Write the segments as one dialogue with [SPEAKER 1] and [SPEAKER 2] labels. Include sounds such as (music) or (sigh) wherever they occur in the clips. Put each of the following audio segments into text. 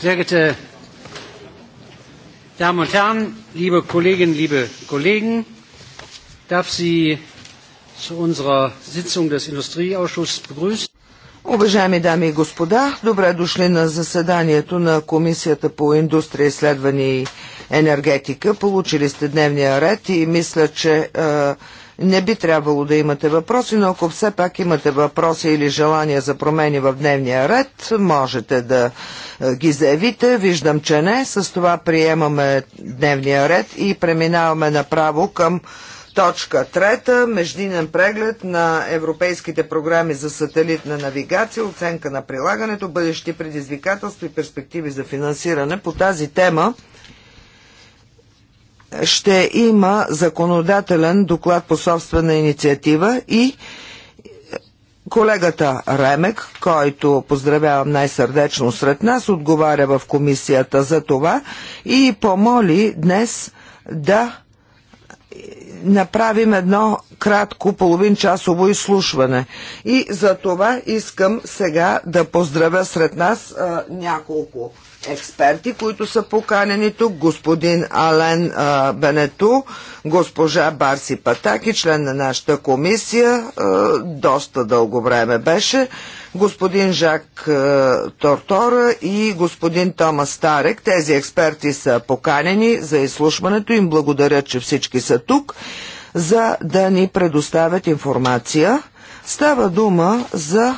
[SPEAKER 1] Sehr geehrte Damen und Herren, liebe Kolleginnen, liebe Kollegen, ich darf Sie
[SPEAKER 2] zu unserer Sitzung des Industrieausschusses begrüßen. Уважаеми дами и господа, добре дошли на заседанието на Комисията по индустрия, изследване и енергетика. Получили сте дневния ред и мисля, че е, не би трябвало да имате въпроси, но ако все пак имате въпроси или желания за промени в дневния ред, можете да е, ги заявите. Виждам, че не. С това приемаме дневния ред и преминаваме направо към Точка трета – междинен преглед на европейските програми за сателитна навигация, оценка на прилагането, бъдещи предизвикателства и перспективи за финансиране. По тази тема ще има законодателен доклад по собствена инициатива и колегата Ремек, който поздравявам най-сърдечно сред нас, отговаря в комисията за това и помоли днес да направим едно кратко половинчасово изслушване. И за това искам сега да поздравя сред нас а, няколко експерти, които са поканени тук. Господин Ален а, Бенету, госпожа Барси Патаки, член на нашата комисия, а, доста дълго време беше, господин Жак а, Тортора и господин Томас Старек. Тези експерти са поканени за изслушването. Им благодаря, че всички са тук, за да ни предоставят информация. Става дума за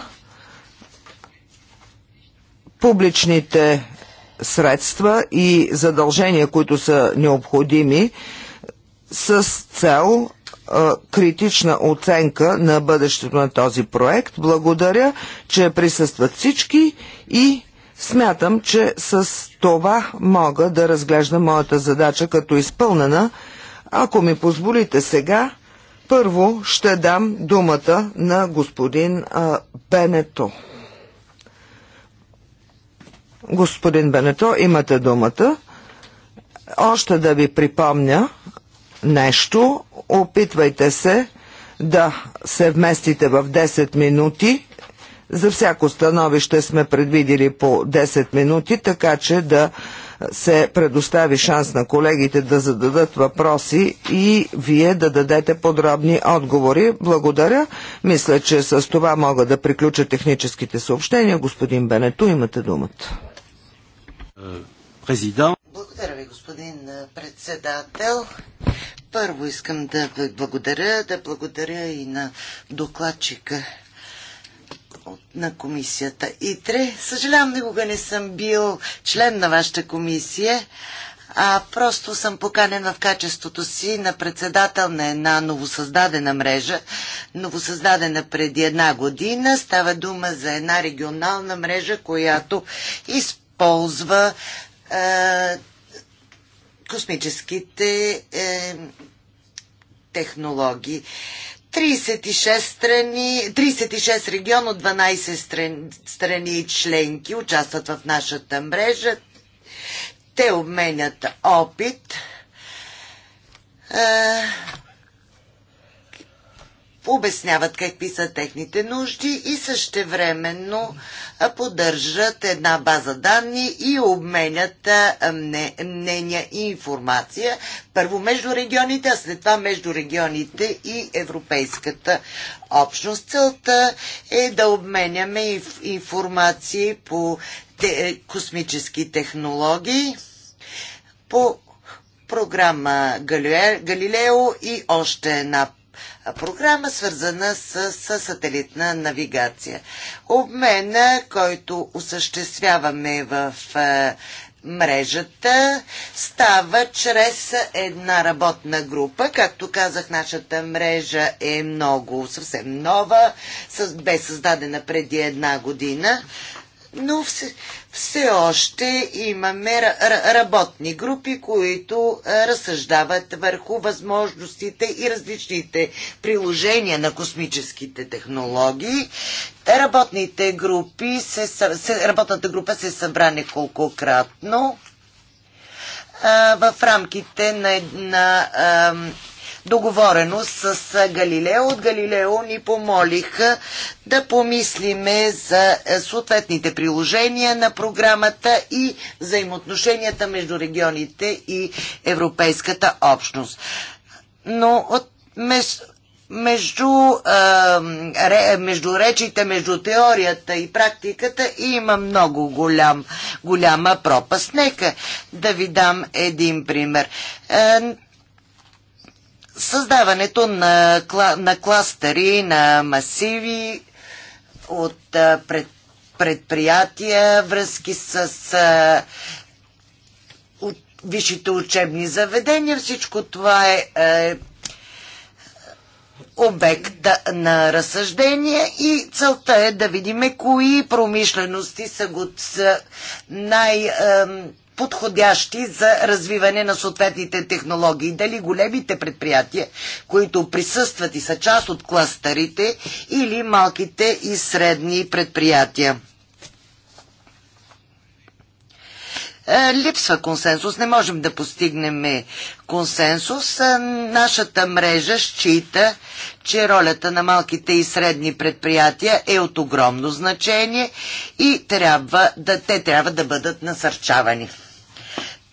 [SPEAKER 2] публичните средства и задължения, които са необходими с цел критична оценка на бъдещето на този проект. Благодаря, че присъстват всички и смятам, че с това мога да разглежда моята задача като изпълнена. Ако ми позволите сега, първо ще дам думата на господин Бенето. Господин Бенето, имате думата. Още да ви припомня нещо. Опитвайте се да се вместите в 10 минути. За всяко становище сме предвидили по 10 минути, така че да се предостави шанс на колегите да зададат въпроси и вие да дадете подробни отговори. Благодаря. Мисля, че с това мога да приключа техническите съобщения. Господин Бенето, имате думата президент.
[SPEAKER 3] Благодаря ви, господин председател. Първо искам да благодаря, да благодаря и на докладчика на комисията ИТРЕ. Съжалявам, никога не съм бил член на вашата комисия, а просто съм поканен в качеството си на председател на една новосъздадена мрежа, новосъздадена преди една година. Става дума за една регионална мрежа, която изпълнява ползва е, космическите е, технологии. 36 страни, 36 регион от 12 страни, страни членки участват в нашата мрежа. Те обменят опит. Е, обясняват какви са техните нужди и същевременно поддържат една база данни и обменят мнения и информация първо между регионите, а след това между регионите и Европейската общност. Целта е да обменяме информации по е, космически технологии, по програма Галилео и още една програма, свързана с, с сателитна навигация. Обмена, който осъществяваме в е, мрежата, става чрез една работна група. Както казах, нашата мрежа е много, съвсем нова, бе създадена преди една година, но все, все още имаме работни групи, които е, разсъждават върху възможностите и различните приложения на космическите технологии. Работните групи се, се, работната група се събра неколкократно в рамките на, на договореност с Галилео. От Галилео ни помолиха да помислиме за е, съответните приложения на програмата и взаимоотношенията между регионите и Европейската общност. Но от между, а, е, ре, между речите, между теорията и практиката има много голям, голяма пропаст. Нека да ви дам един пример. Е, Създаването на, на кластери, на масиви от пред, предприятия, връзки с от, висшите учебни заведения, всичко това е, е обект на разсъждение и целта е да видим, кои промишлености са, го, са най- е, подходящи за развиване на съответните технологии. Дали големите предприятия, които присъстват и са част от кластерите, или малките и средни предприятия. Е, липсва консенсус. Не можем да постигнем консенсус. Е, нашата мрежа счита, че ролята на малките и средни предприятия е от огромно значение и трябва да, те трябва да бъдат насърчавани.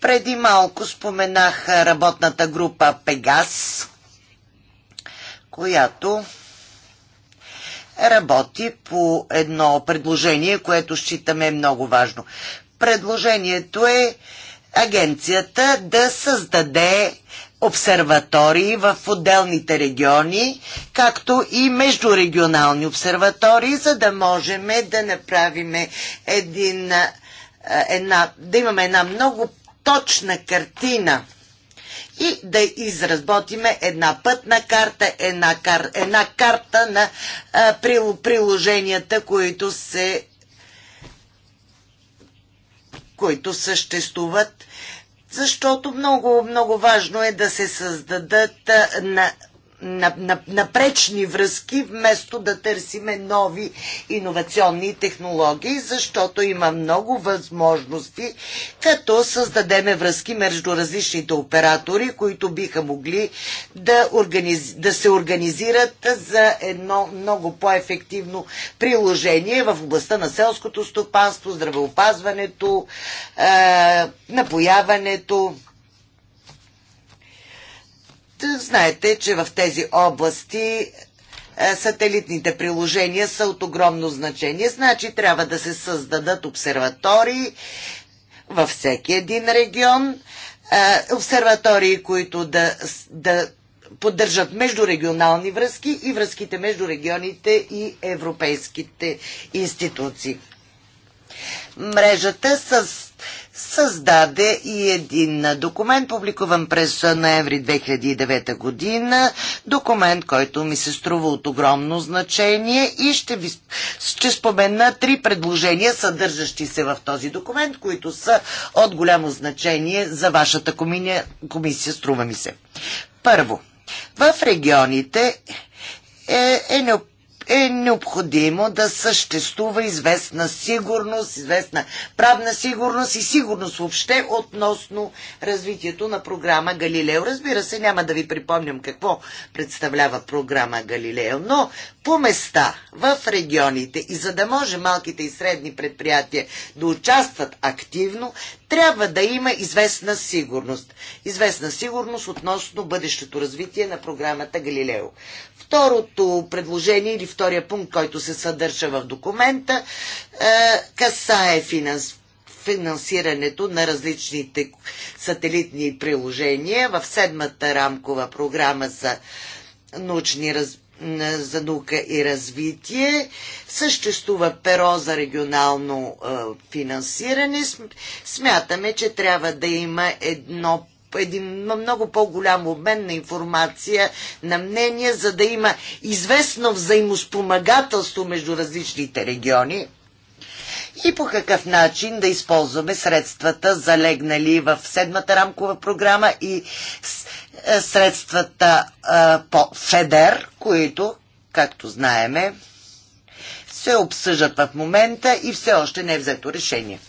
[SPEAKER 3] Преди малко споменах работната група Пегас, която работи по едно предложение, което считаме много важно. Предложението е агенцията да създаде обсерватории в отделните региони, както и междурегионални обсерватории, за да можем да направим един, една, да имаме една много точна картина и да изработиме една пътна карта, една, кар, една карта на а, приложенията, които се които съществуват, защото много, много важно е да се създадат на напречни връзки, вместо да търсиме нови иновационни технологии, защото има много възможности, като създадеме връзки между различните оператори, които биха могли да, организ... да се организират за едно много по-ефективно приложение в областта на селското стопанство, здравеопазването, е, напояването, Знаете, че в тези области е, сателитните приложения са от огромно значение. Значи трябва да се създадат обсерватории във всеки един регион, е, обсерватории, които да, да поддържат междурегионални връзки и връзките между регионите и европейските институции. Мрежата с създаде и един документ, публикуван през ноември 2009 година. Документ, който ми се струва от огромно значение и ще, ви, ще спомена три предложения, съдържащи се в този документ, които са от голямо значение за вашата комисия, комисия струва ми се. Първо, в регионите е, е необходимо е необходимо да съществува известна сигурност, известна правна сигурност и сигурност въобще относно развитието на програма Галилео. Разбира се, няма да ви припомням какво представлява програма Галилео, но по места, в регионите и за да може малките и средни предприятия да участват активно, трябва да има известна сигурност. Известна сигурност относно бъдещето развитие на програмата Галилео. Второто предложение или втория пункт, който се съдържа в документа, е, касае финанс, финансирането на различните сателитни приложения в седмата рамкова програма за научни раз... за наука и развитие. Съществува перо за регионално е, финансиране. Смятаме, че трябва да има едно един много по-голям обмен на информация, на мнения, за да има известно взаимоспомагателство между различните региони и по какъв начин да използваме средствата, залегнали в седмата рамкова програма и е, средствата е, по ФЕДЕР, които, както знаеме, се обсъждат в момента и все още не е взето решение.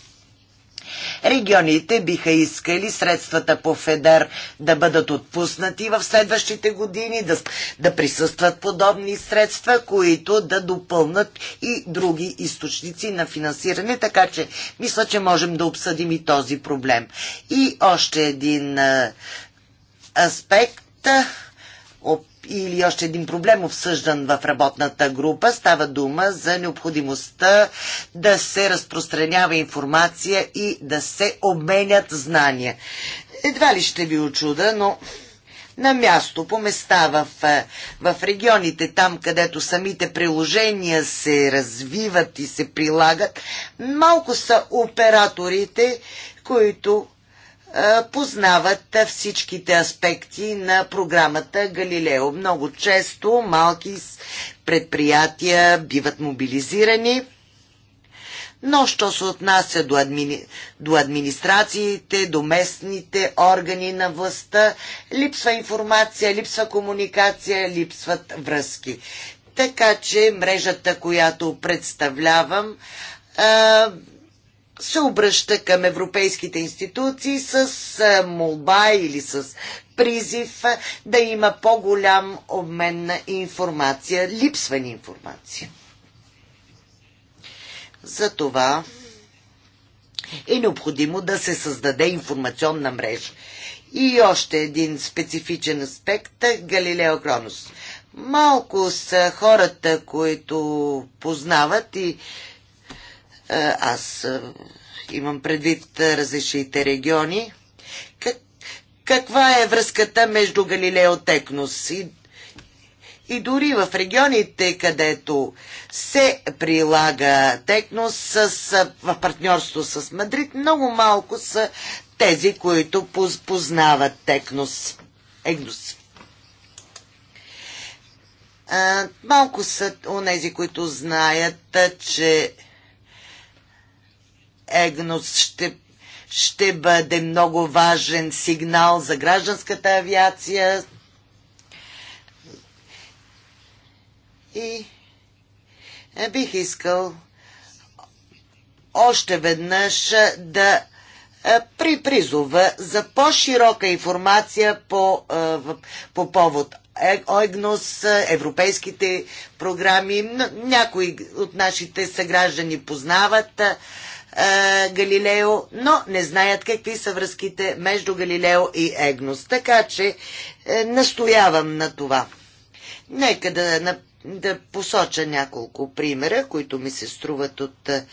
[SPEAKER 3] Регионите биха искали средствата по ФЕДЕР да бъдат отпуснати в следващите години, да, да присъстват подобни средства, които да допълнат и други източници на финансиране, така че мисля, че можем да обсъдим и този проблем. И още един аспект или още един проблем обсъждан в работната група. Става дума за необходимостта да се разпространява информация и да се обменят знания. Едва ли ще ви очуда, но на място, по места в, е, в регионите, там където самите приложения се развиват и се прилагат, малко са операторите, които познават всичките аспекти на програмата Галилео. Много често малки предприятия биват мобилизирани, но що се отнася до, админи... до администрациите, до местните органи на властта, липсва информация, липсва комуникация, липсват връзки. Така че мрежата, която представлявам, се обръща към европейските институции с молба или с призив да има по-голям обмен на информация, липсва ни информация. Затова е необходимо да се създаде информационна мрежа. И още един специфичен аспект – Галилео Кронос. Малко са хората, които познават и е, аз е, имам предвид е, различните региони. Как, каква е връзката между Галилео Текнос и и дори в регионите, където се прилага Текнос с, в партньорство с Мадрид, много малко са тези, които познават Текнос. Егнос. Малко са онези, които знаят, че ЕГНОС ще, ще бъде много важен сигнал за гражданската авиация. И е, бих искал още веднъж е, да е, при призова за по-широка информация по, по повод ОЕГНОС, европейските програми. Някои от нашите съграждани познават е, Галилео, но не знаят какви са връзките между Галилео и Егнос. Така че а, е, настоявам на това. Нека да, на, да посоча няколко примера, които ми се струват от а, е,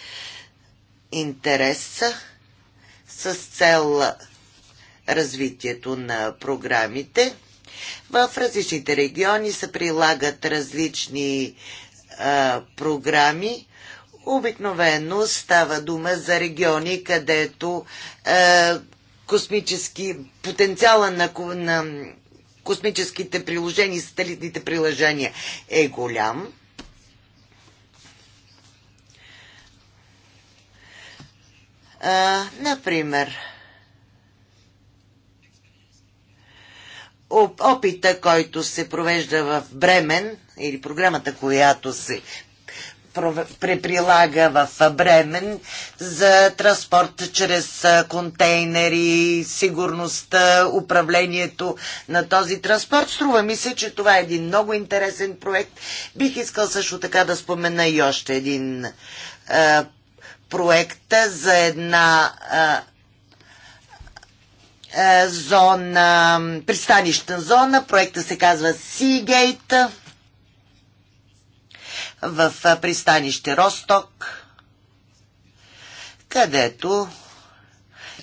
[SPEAKER 3] интереса с цел развитието на програмите. В различните региони се прилагат различни а, програми Обикновено става дума за региони, където е, космически, потенциала на, на космическите приложения, сателитните приложения е голям. А, е, например, опита, който се провежда в Бремен или програмата, която се преприлага в Бремен за транспорт чрез контейнери, сигурността, управлението на този транспорт. Струва ми се, че това е един много интересен проект. Бих искал също така да спомена и още един а, проект за една а, зона, пристанищна зона. Проекта се казва Seagate в пристанище Росток, където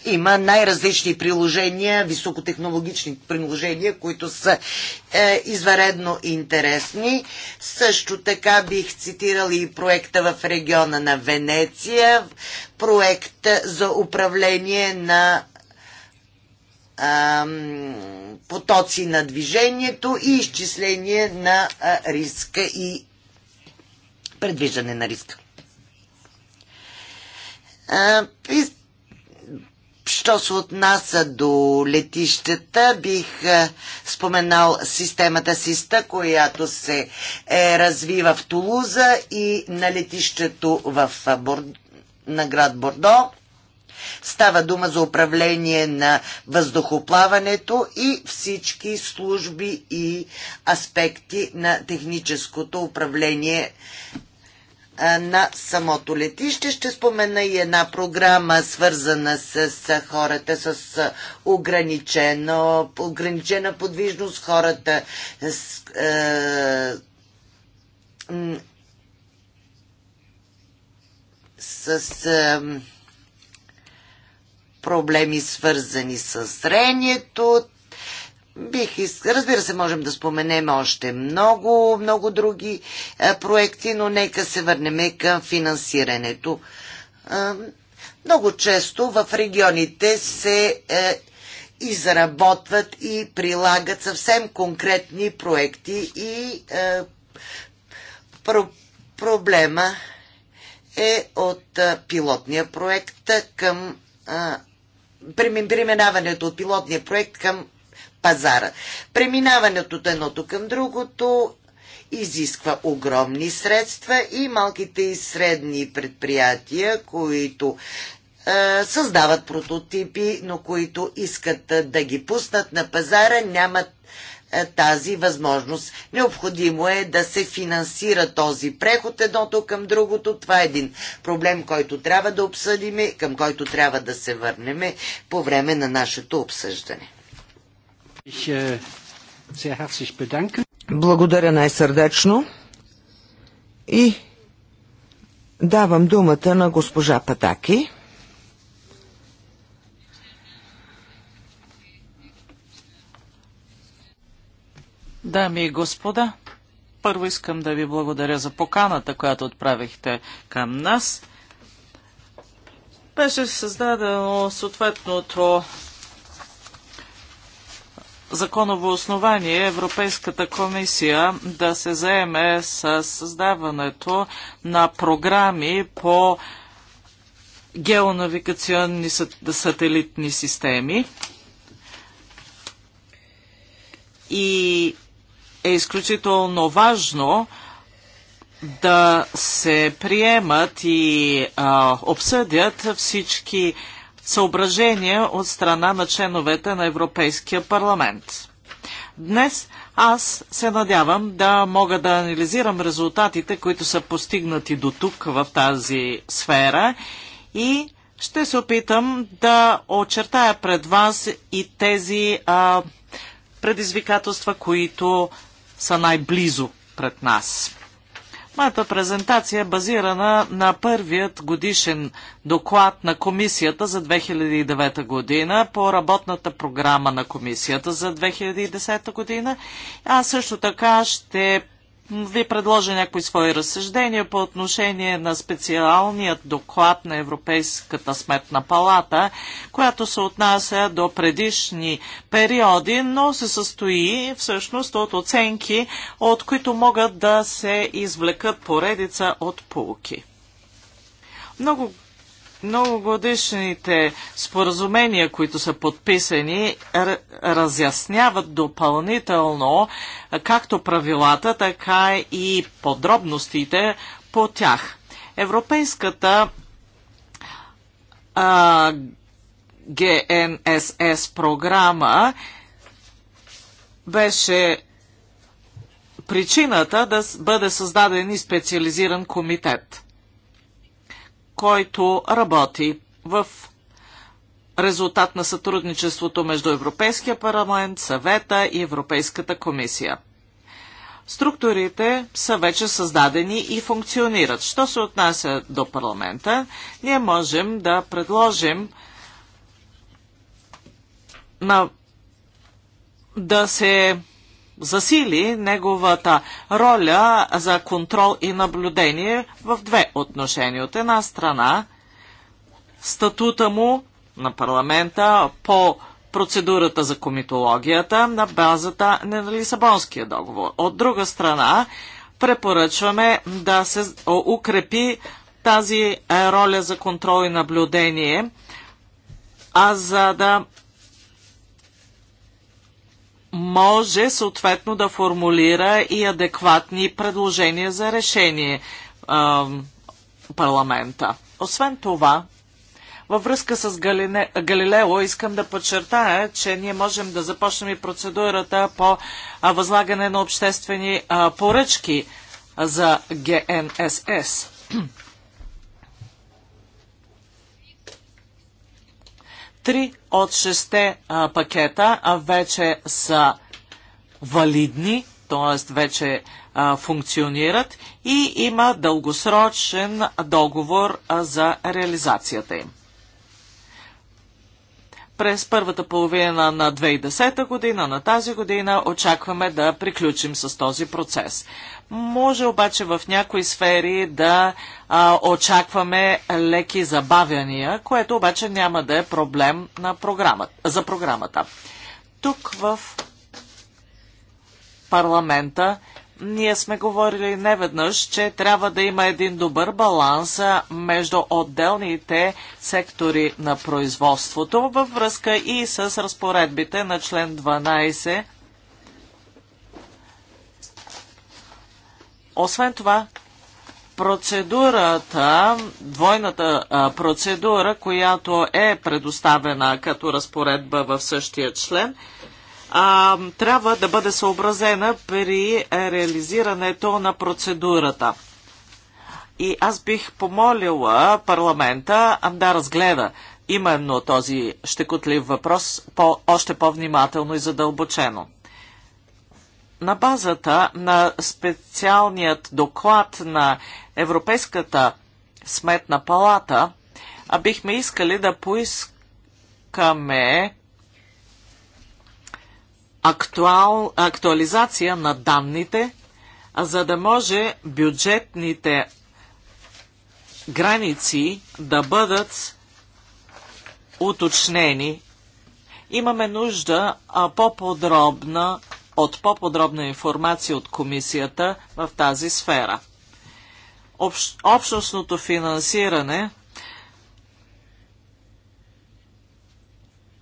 [SPEAKER 3] има най-различни приложения, високотехнологични приложения, които са е, изваредно интересни. Също така бих цитирал и проекта в региона на Венеция, проект за управление на потоци на движението и изчисление на риска и предвиждане на риска. А, и, що се отнася до летищата, бих а, споменал системата СИСТА, която се е, развива в Тулуза и на летището в а, Бор... на град Бордо. Става дума за управление на въздухоплаването и всички служби и аспекти на техническото управление на самото летище. Ще спомена и една програма, свързана с, хората с ограничено, ограничена подвижност, хората с, е, с е, проблеми свързани с зрението, Бих иск... Разбира се, можем да споменем още много, много други а, проекти, но нека се върнем към финансирането. А, много често в регионите се а, е, изработват и прилагат съвсем конкретни проекти и а, е, про- проблема е от а, е, пилотния проект към а, преминаването от пилотния проект към пазара. Преминаването от едното към другото изисква огромни средства и малките и средни предприятия, които е, създават прототипи, но които искат да ги пуснат на пазара, нямат тази възможност. Необходимо е да се финансира този преход едното към другото. Това е един проблем, който трябва да обсъдиме, към който трябва да се върнем по време на нашето обсъждане.
[SPEAKER 1] Äh,
[SPEAKER 2] благодаря най-сърдечно и давам думата на госпожа Патаки.
[SPEAKER 1] Дами и господа, първо искам да ви благодаря за поканата, която отправихте към нас. Беше създадено съответното законово основание Европейската комисия да се заеме с създаването на програми по геонавигационни сателитни системи и е изключително важно да се приемат и а, обсъдят всички съображения от страна на членовете на Европейския парламент. Днес аз се надявам да мога да анализирам резултатите, които са постигнати до тук в тази сфера и ще се опитам да очертая пред вас и тези а, предизвикателства, които са най-близо пред нас. Моята презентация е базирана на първият годишен доклад на комисията за 2009 година по работната програма на комисията за 2010 година. Аз също така ще ви предложа някои свои разсъждения по отношение на специалният доклад на Европейската сметна палата, която се отнася до предишни периоди, но се състои всъщност от оценки, от които могат да се извлекат поредица от полки. Много Многогодишните споразумения, които са подписани, разясняват допълнително както правилата, така и подробностите по тях. Европейската а, ГНСС програма беше причината да бъде създаден и специализиран комитет който работи в резултат на сътрудничеството между Европейския парламент, съвета и Европейската комисия. Структурите са вече създадени и функционират. Що се отнася до парламента, ние можем да предложим на, да се засили неговата роля за контрол и наблюдение в две отношения. От една страна, статута му на парламента по процедурата за комитологията на базата на Лисабонския договор. От друга страна, препоръчваме да се укрепи тази роля за контрол и наблюдение, а за да може съответно да формулира и адекватни предложения за решение а, парламента. Освен това, във връзка с Галине, Галилео искам да подчертая, че ние можем да започнем и процедурата по а, възлагане на обществени а, поръчки за ГНСС. Три от шесте а, пакета а, вече са валидни, т.е. вече а, функционират и има дългосрочен договор а, за реализацията им. През първата половина на 2010 година, на тази година, очакваме да приключим с този процес. Може обаче в някои сфери да а, очакваме леки забавяния, което обаче няма да е проблем на програмата, за програмата. Тук в парламента ние сме говорили неведнъж, че трябва да има един добър баланс между отделните сектори на производството във връзка и с разпоредбите на член 12 Освен това, процедурата, двойната процедура, която е предоставена като разпоредба в същия член, а, трябва да бъде съобразена при реализирането на процедурата. И аз бих помолила парламента да разгледа именно този щекотлив въпрос по, още по-внимателно и задълбочено. На базата на специалният доклад на Европейската сметна палата, а бихме искали да поискаме актуал, актуализация на данните, за да може бюджетните граници да бъдат уточнени. Имаме нужда по-подробна от по-подробна информация от комисията в тази сфера. Общ, общностното финансиране,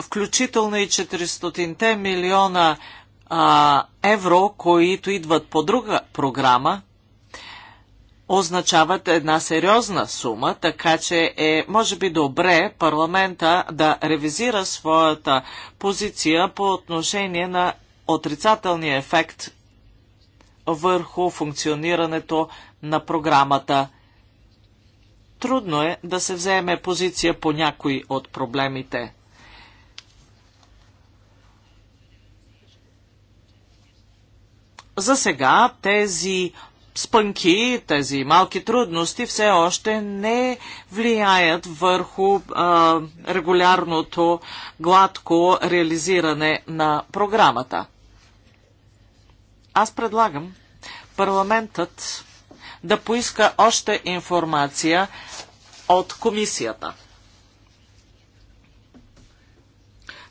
[SPEAKER 1] включително и 400 милиона а, евро, които идват по друга програма, означават една сериозна сума, така че е, може би, добре парламента да ревизира своята позиция по отношение на отрицателния ефект върху функционирането на програмата. Трудно е да се вземе позиция по някои от проблемите. За сега тези спънки, тези малки трудности все още не влияят върху а, регулярното гладко реализиране на програмата. Аз предлагам парламентът да поиска още информация от комисията.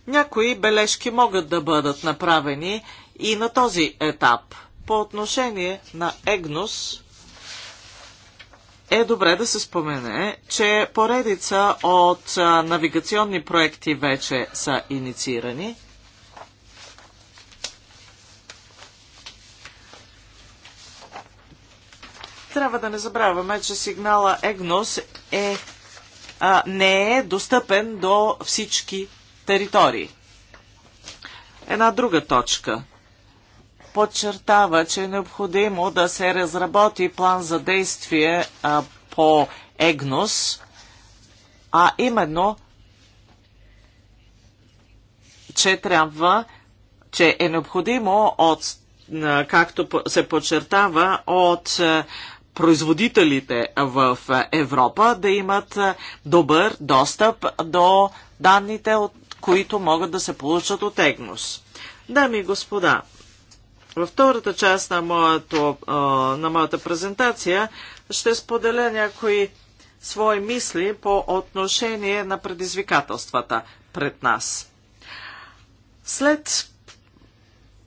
[SPEAKER 1] Някои бележки могат да бъдат направени и на този етап. По отношение на Егнос е добре да се спомене, че поредица от навигационни проекти вече са инициирани – Трябва да не забравяме, че сигнала ЕГНОС е, а, не е достъпен до всички територии. Една друга точка подчертава, че е необходимо да се разработи план за действие а, по ЕГНОС, а именно, че трябва, че е необходимо от както се подчертава от производителите в Европа да имат добър достъп до данните, от които могат да се получат от ЕГНОС. Дами и господа, във втората част на, моето, на моята презентация ще споделя някои свои мисли по отношение на предизвикателствата пред нас. След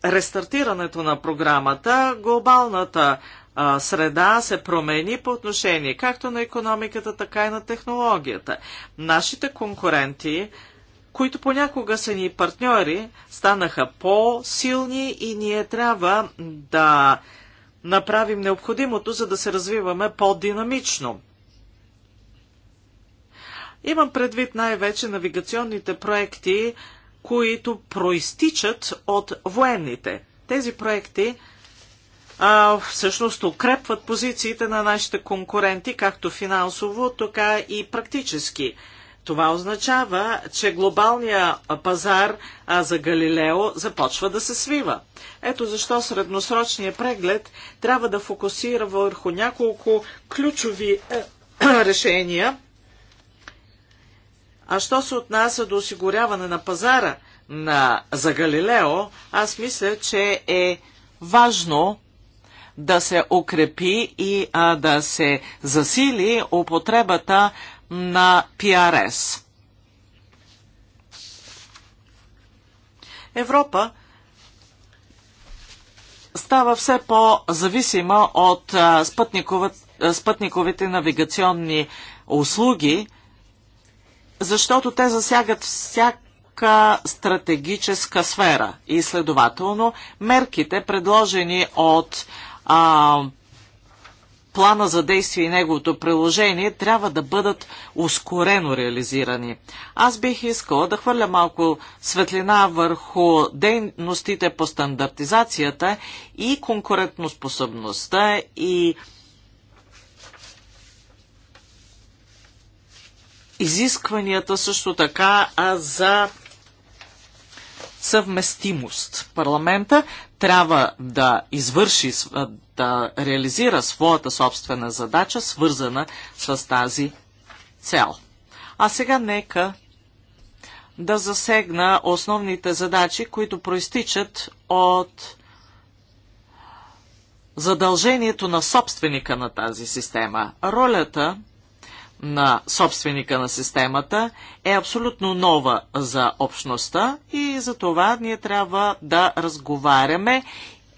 [SPEAKER 1] рестартирането на програмата, глобалната а, среда се промени по отношение както на економиката, така и на технологията. Нашите конкуренти, които понякога са ни партньори, станаха по-силни и ние трябва да направим необходимото, за да се развиваме по-динамично. Имам предвид най-вече навигационните проекти, които проистичат от военните. Тези проекти а, всъщност укрепват позициите на нашите конкуренти, както финансово, така и практически. Това означава, че глобалния пазар а, за Галилео започва да се свива. Ето защо средносрочният преглед трябва да фокусира върху няколко ключови е, (clears throat) решения. А що се отнася до осигуряване на пазара на, за Галилео, аз мисля, че е важно да се укрепи и а, да се засили употребата на ПРС. Европа става все по-зависима от спътниковите навигационни услуги, защото те засягат всяка стратегическа сфера и следователно мерките, предложени от а, плана за действие и неговото приложение трябва да бъдат ускорено реализирани. Аз бих искала да хвърля малко светлина върху дейностите по стандартизацията и конкурентноспособността и изискванията също така а за съвместимост. Парламента трябва да извърши, да реализира своята собствена задача, свързана с тази цел. А сега нека да засегна основните задачи, които проистичат от задължението на собственика на тази система. Ролята на собственика на системата е абсолютно нова за общността и за това ние трябва да разговаряме,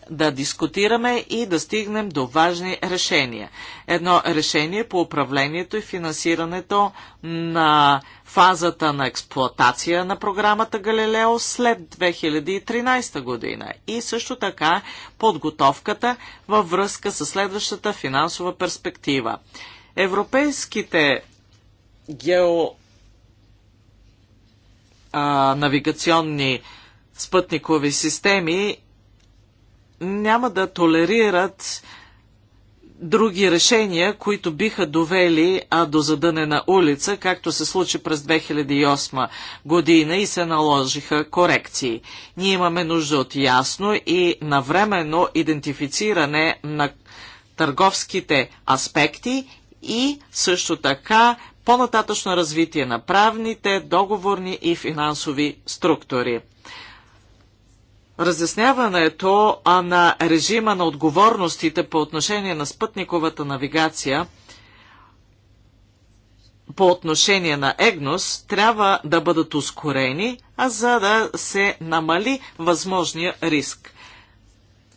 [SPEAKER 1] да дискутираме и да стигнем до важни решения. Едно решение по управлението и финансирането на фазата на експлоатация на програмата Галилео след 2013 година и също така подготовката във връзка с следващата финансова перспектива. Европейските гео а, навигационни спътникови системи няма да толерират други решения, които биха довели а, до задънена улица, както се случи през 2008 година и се наложиха корекции. Ние имаме нужда от ясно и навременно идентифициране на търговските аспекти и също така по-нататъчно развитие на правните, договорни и финансови структури. Разясняването на режима на отговорностите по отношение на спътниковата навигация по отношение на ЕГНОС трябва да бъдат ускорени, а за да се намали възможния риск.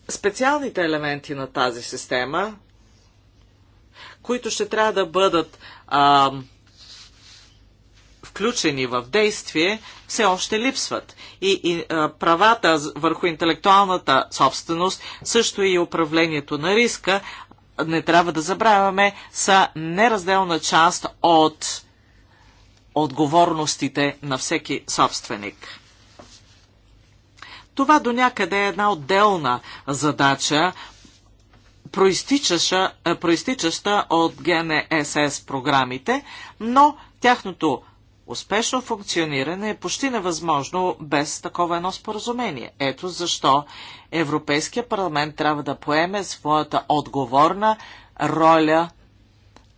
[SPEAKER 1] Специалните елементи на тази система които ще трябва да бъдат а, включени в действие, все още липсват. И, и а, правата върху интелектуалната собственост, също и управлението на риска, не трябва да забравяме, са неразделна част от отговорностите на всеки собственик. Това до някъде е една отделна задача, проистичаща, е, от ГНСС програмите, но тяхното успешно функциониране е почти невъзможно без такова едно споразумение. Ето защо Европейския парламент трябва да поеме своята отговорна роля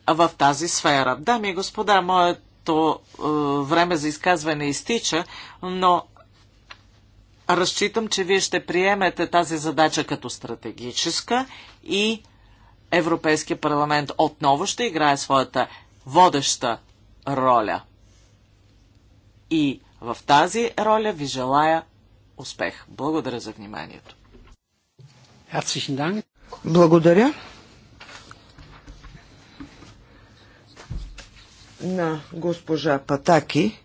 [SPEAKER 1] в тази сфера. Дами и господа, моето е, време за изказване изтича, но разчитам, че вие ще приемете тази задача като стратегическа и Европейския парламент отново ще играе своята водеща роля. И в тази роля ви желая успех. Благодаря за вниманието.
[SPEAKER 2] Благодаря. На госпожа Патаки.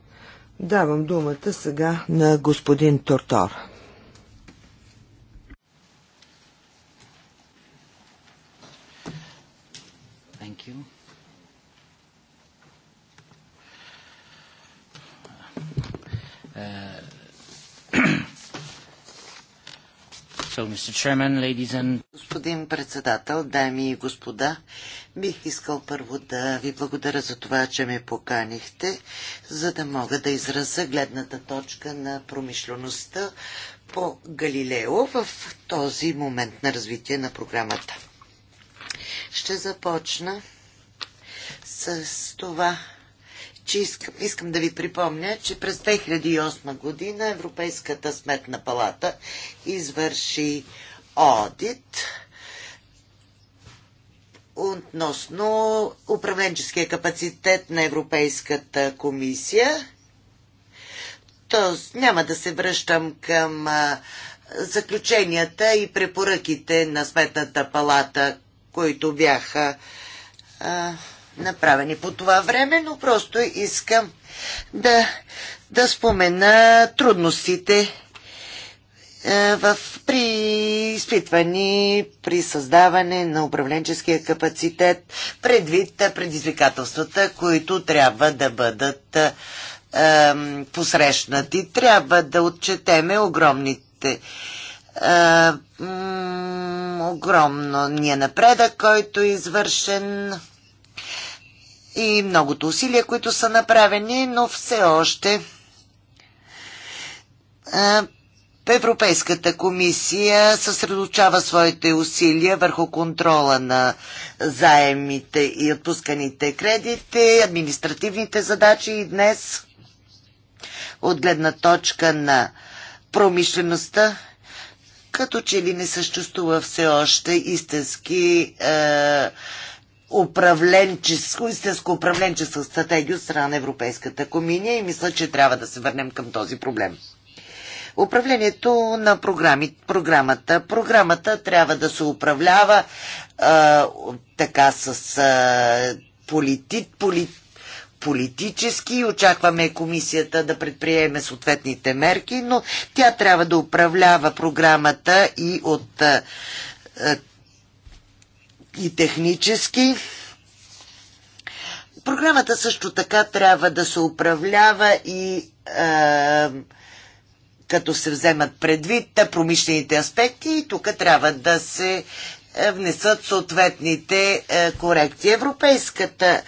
[SPEAKER 2] Давам думата сега на господин Тортор.
[SPEAKER 3] Господин председател, дами и господа, бих искал първо да ви благодаря за това, че ме поканихте, за да мога да изразя гледната точка на промишлеността по Галилео в този момент на развитие на програмата. Ще започна с това, че искам, искам да ви припомня, че през 2008 година Европейската сметна палата извърши одит относно управленческия капацитет на Европейската комисия. Тоест, няма да се връщам към заключенията и препоръките на Сметната палата, които бяха а, направени по това време, но просто искам да, да спомена трудностите е, в, при изпитвани, при създаване на управленческия капацитет, предвид предизвикателствата, които трябва да бъдат е, посрещнати. Трябва да отчетеме огромните е, огромно ние напредък, който е извършен и многото усилия, които са направени, но все още Европейската комисия съсредоточава своите усилия върху контрола на заемите и отпусканите кредити, административните задачи и днес от гледна точка на промишлеността, като че ли не съществува все още истински е, управленческо, истинско управленческа стратегия от страна на Европейската комисия и мисля, че трябва да се върнем към този проблем. Управлението на програми, програмата. Програмата трябва да се управлява а, така с а, полити, поли, политически. Очакваме комисията да предприеме съответните мерки, но тя трябва да управлява програмата и от а, и технически. Програмата също така трябва да се управлява и е, като се вземат предвид промишлените аспекти и тук трябва да се е, внесат съответните е, корекции. Европейската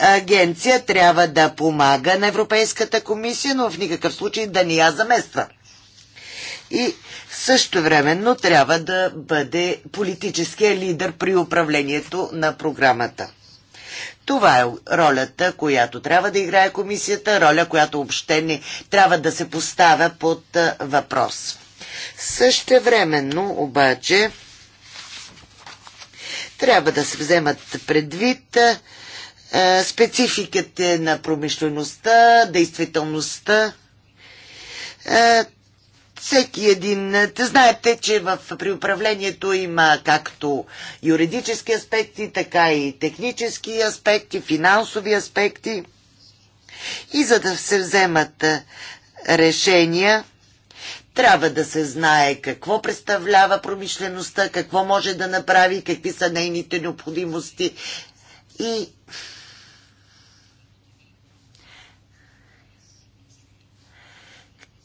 [SPEAKER 3] агенция трябва да помага на Европейската комисия, но в никакъв случай да ни я замества. И също времено трябва да бъде политическия лидер при управлението на програмата. Това е ролята, която трябва да играе комисията, роля, която въобще не трябва да се поставя под въпрос. Същевременно обаче трябва да се вземат предвид спецификите на промишлеността, действителността всеки един. Те знаете, че в, приуправлението има както юридически аспекти, така и технически аспекти, финансови аспекти. И за да се вземат решения, трябва да се знае какво представлява промишлеността, какво може да направи, какви са нейните необходимости и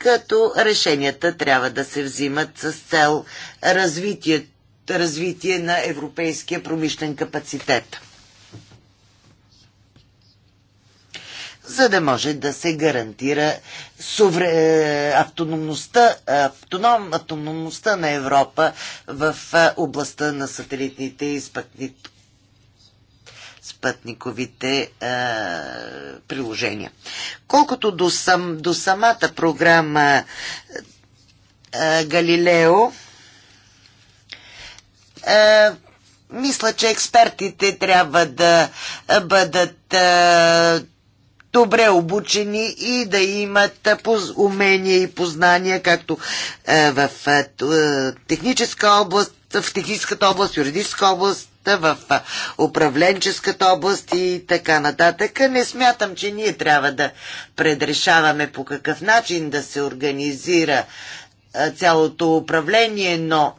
[SPEAKER 3] като решенията трябва да се взимат с цел развитие, развитие на европейския промишлен капацитет. за да може да се гарантира сувре... автономността, автоном... автономността на Европа в областта на сателитните и спътник спътниковите а, е, приложения. Колкото до, сам, до самата програма а, е, Галилео, а, е, мисля, че експертите трябва да бъдат а, добре обучени и да имат умения и познания, както в техническа област, в техническата област, юридическа област, в управленческата област и така нататък. Не смятам, че ние трябва да предрешаваме по какъв начин да се организира цялото управление, но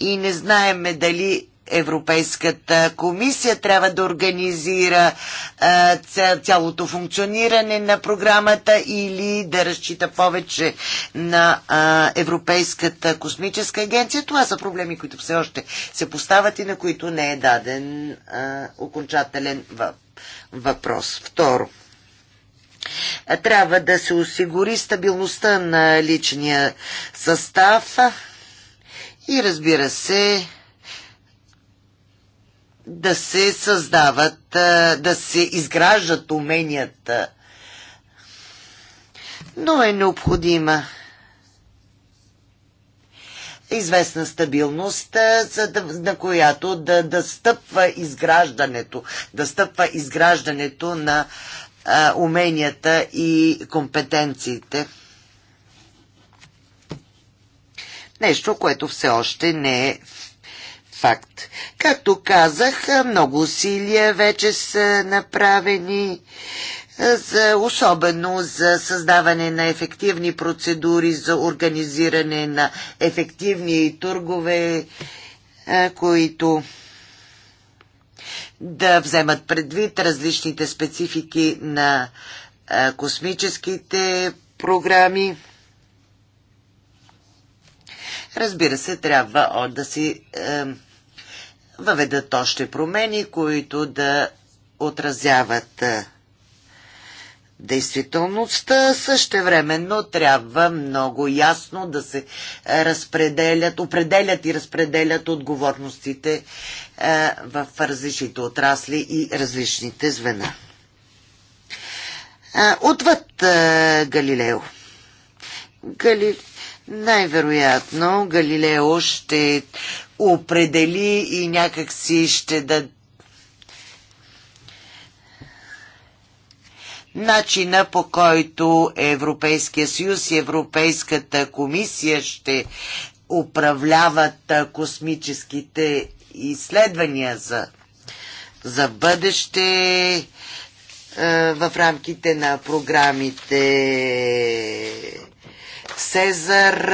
[SPEAKER 3] и не знаеме дали Европейската комисия трябва да организира цялото функциониране на програмата или да разчита повече на Европейската космическа агенция. Това са проблеми, които все още се поставят и на които не е даден окончателен въпрос. Второ трябва да се осигури стабилността на личния състав и разбира се да се създават, да се изграждат уменията. Но е необходима известна стабилност, за да, на която да, да стъпва изграждането, да стъпва изграждането на а, уменията и компетенциите. Нещо, което все още не е факт. Както казах, много усилия вече са направени е, за, особено за създаване на ефективни процедури, за организиране на ефективни търгове, е, които да вземат предвид различните специфики на е, космическите програми. Разбира се, трябва да си въведат още промени, които да отразяват действителността. Същевременно трябва много ясно да се разпределят, определят и разпределят отговорностите в различните отрасли и различните звена. Отвъд Галилео. Гали... Най-вероятно Галилео ще определи и някакси ще да начина по който Европейския съюз и Европейската комисия ще управляват космическите изследвания за, за бъдеще в рамките на програмите Сезар,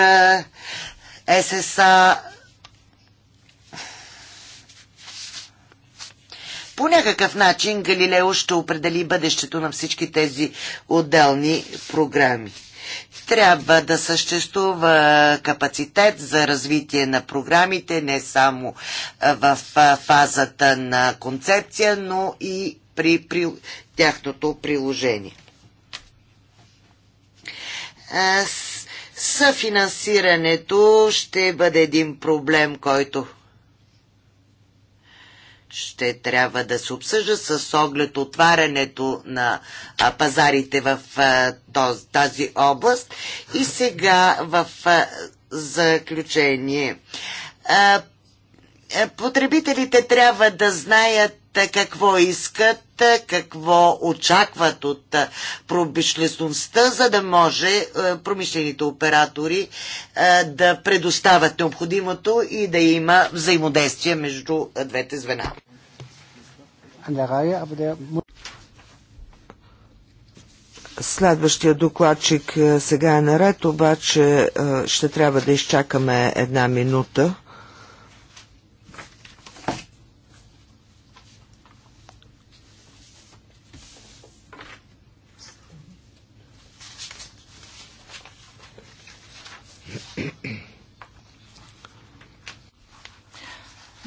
[SPEAKER 3] ССА, По някакъв начин Галилео ще определи бъдещето на всички тези отделни програми. Трябва да съществува капацитет за развитие на програмите, не само в фазата на концепция, но и при, при тяхното приложение. Съфинансирането ще бъде един проблем, който ще трябва да се обсъжда с оглед отварянето на пазарите в тази област. И сега в заключение. Потребителите трябва да знаят какво искат, какво очакват от промишлеността, за да може промишлените оператори да предоставят необходимото и да има взаимодействие между двете звена
[SPEAKER 2] an der Reihe, aber der muss Следващия докладчик е, сега е наред, обаче е, ще трябва да изчакаме една минута.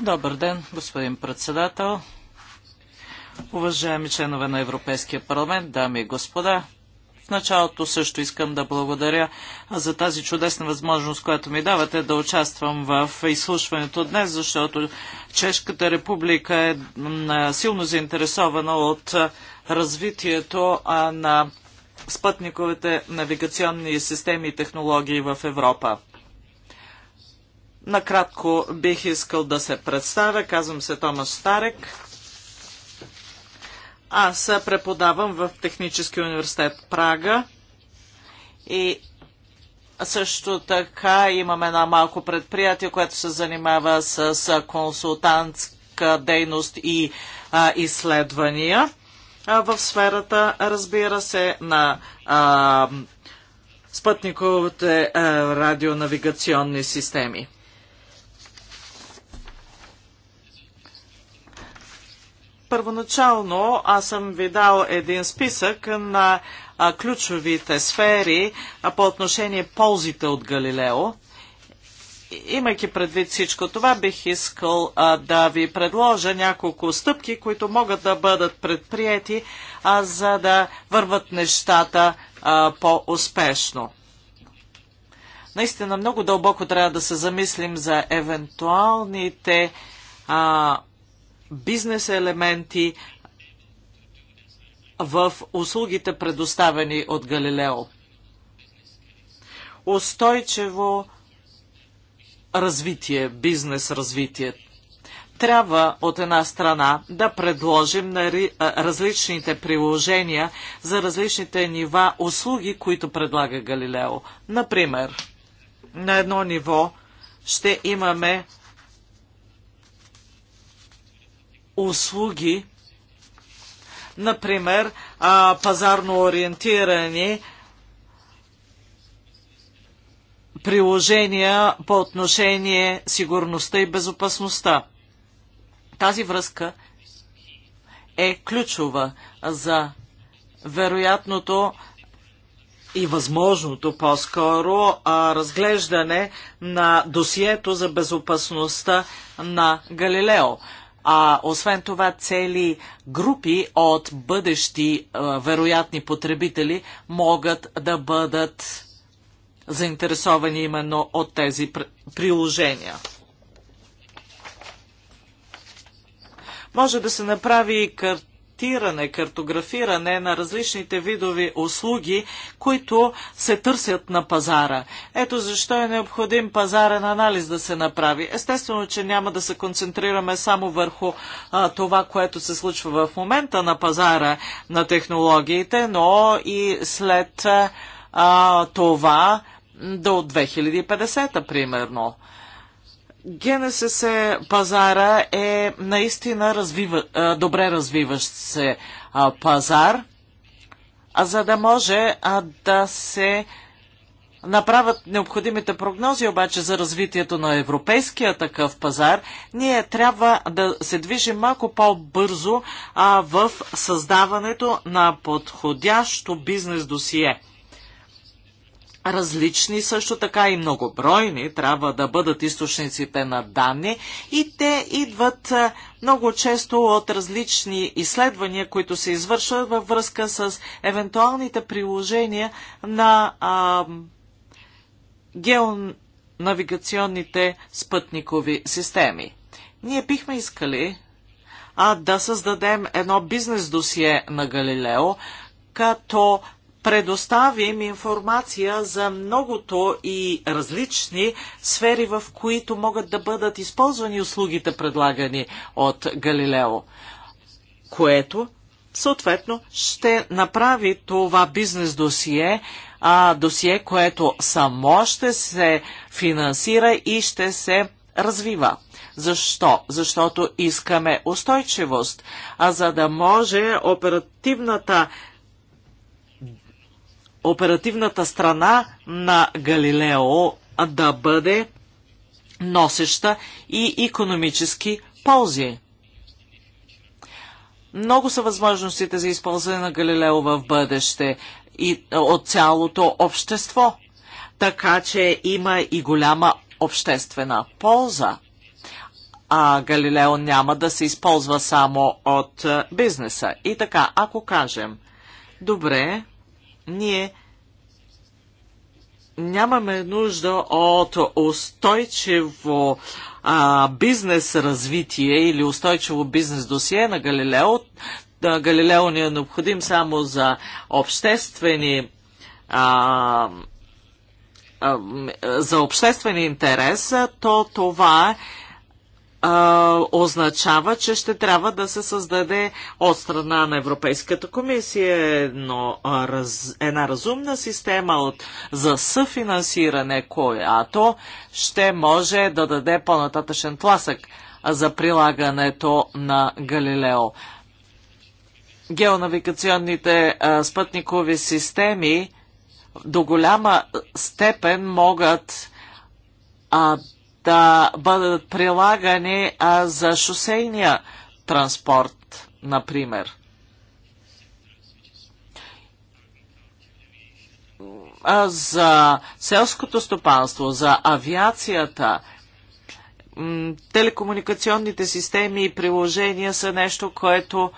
[SPEAKER 1] Добър ден, господин председател, Уважаеми членове на Европейския парламент, дами и господа, в началото също искам да благодаря за тази чудесна възможност, която ми давате да участвам в изслушването днес, защото Чешката република е силно заинтересована от развитието на спътниковите навигационни системи и технологии в Европа. Накратко бих искал да се представя. Казвам се Томас Старек. Аз преподавам в Техническия университет Прага и също така имаме една малко предприятие, което се занимава с консултантска дейност и а, изследвания а, в сферата, разбира се, на а, спътниковите а, радионавигационни системи. Първоначално аз съм ви дал един списък на ключовите сфери по отношение ползите от Галилео. Имайки предвид всичко това, бих искал а, да ви предложа няколко стъпки, които могат да бъдат предприяти, а, за да върват нещата по-успешно. Наистина много дълбоко трябва да се замислим за евентуалните а, бизнес елементи в услугите предоставени от Галилео. Устойчиво развитие, бизнес развитие. Трябва от една страна да предложим на различните приложения за различните нива услуги, които предлага Галилео. Например, на едно ниво ще имаме услуги, например, а, пазарно ориентирани приложения по отношение сигурността и безопасността. Тази връзка е ключова за вероятното и възможното по-скоро разглеждане на досието за безопасността на Галилео а, освен това цели групи от бъдещи а, вероятни потребители могат да бъдат заинтересовани именно от тези приложения. Може да се направи кър картиране, картографиране на различните видови услуги, които се търсят на пазара. Ето защо е необходим пазарен анализ да се направи. Естествено, че няма да се концентрираме само върху а, това, което се случва в момента на пазара на технологиите, но и след а, това до 2050, примерно. ГНСС е, пазара е наистина развива, добре развиващ се пазар, за да може да се направят необходимите прогнози обаче за развитието на европейския такъв пазар, ние трябва да се движим малко по-бързо в създаването на подходящо бизнес досие различни, също така и многобройни трябва да бъдат източниците на данни и те идват много често от различни изследвания, които се извършват във връзка с евентуалните приложения на а, геонавигационните спътникови системи. Ние бихме искали а, да създадем едно бизнес досие на Галилео, като предоставим информация за многото и различни сфери, в които могат да бъдат използвани услугите, предлагани от Галилео, което съответно ще направи това бизнес досие, а, досие, което само ще се финансира и ще се развива. Защо? Защото искаме устойчивост, а за да може оперативната оперативната страна на Галилео да бъде носеща и економически ползи. Много са възможностите за използване на Галилео в бъдеще и е, от цялото общество, така че има и голяма обществена полза. А Галилео няма да се използва само от е, бизнеса. И така, ако кажем, добре, ние нямаме нужда от устойчиво а, бизнес развитие или устойчиво бизнес досие на Галилео. Да, Галилео ни е необходим само за обществени а, а, за обществен интерес, то това е а, означава, че ще трябва да се създаде от страна на Европейската комисия едно, а, раз, една разумна система от, за съфинансиране, която ще може да даде по-нататъчен тласък за прилагането на Галилео. Геонавигационните а, спътникови системи до голяма степен могат а, да бъдат прилагани а, за шосейния транспорт, например. А, за селското стопанство, за авиацията, телекомуникационните системи и приложения са нещо, което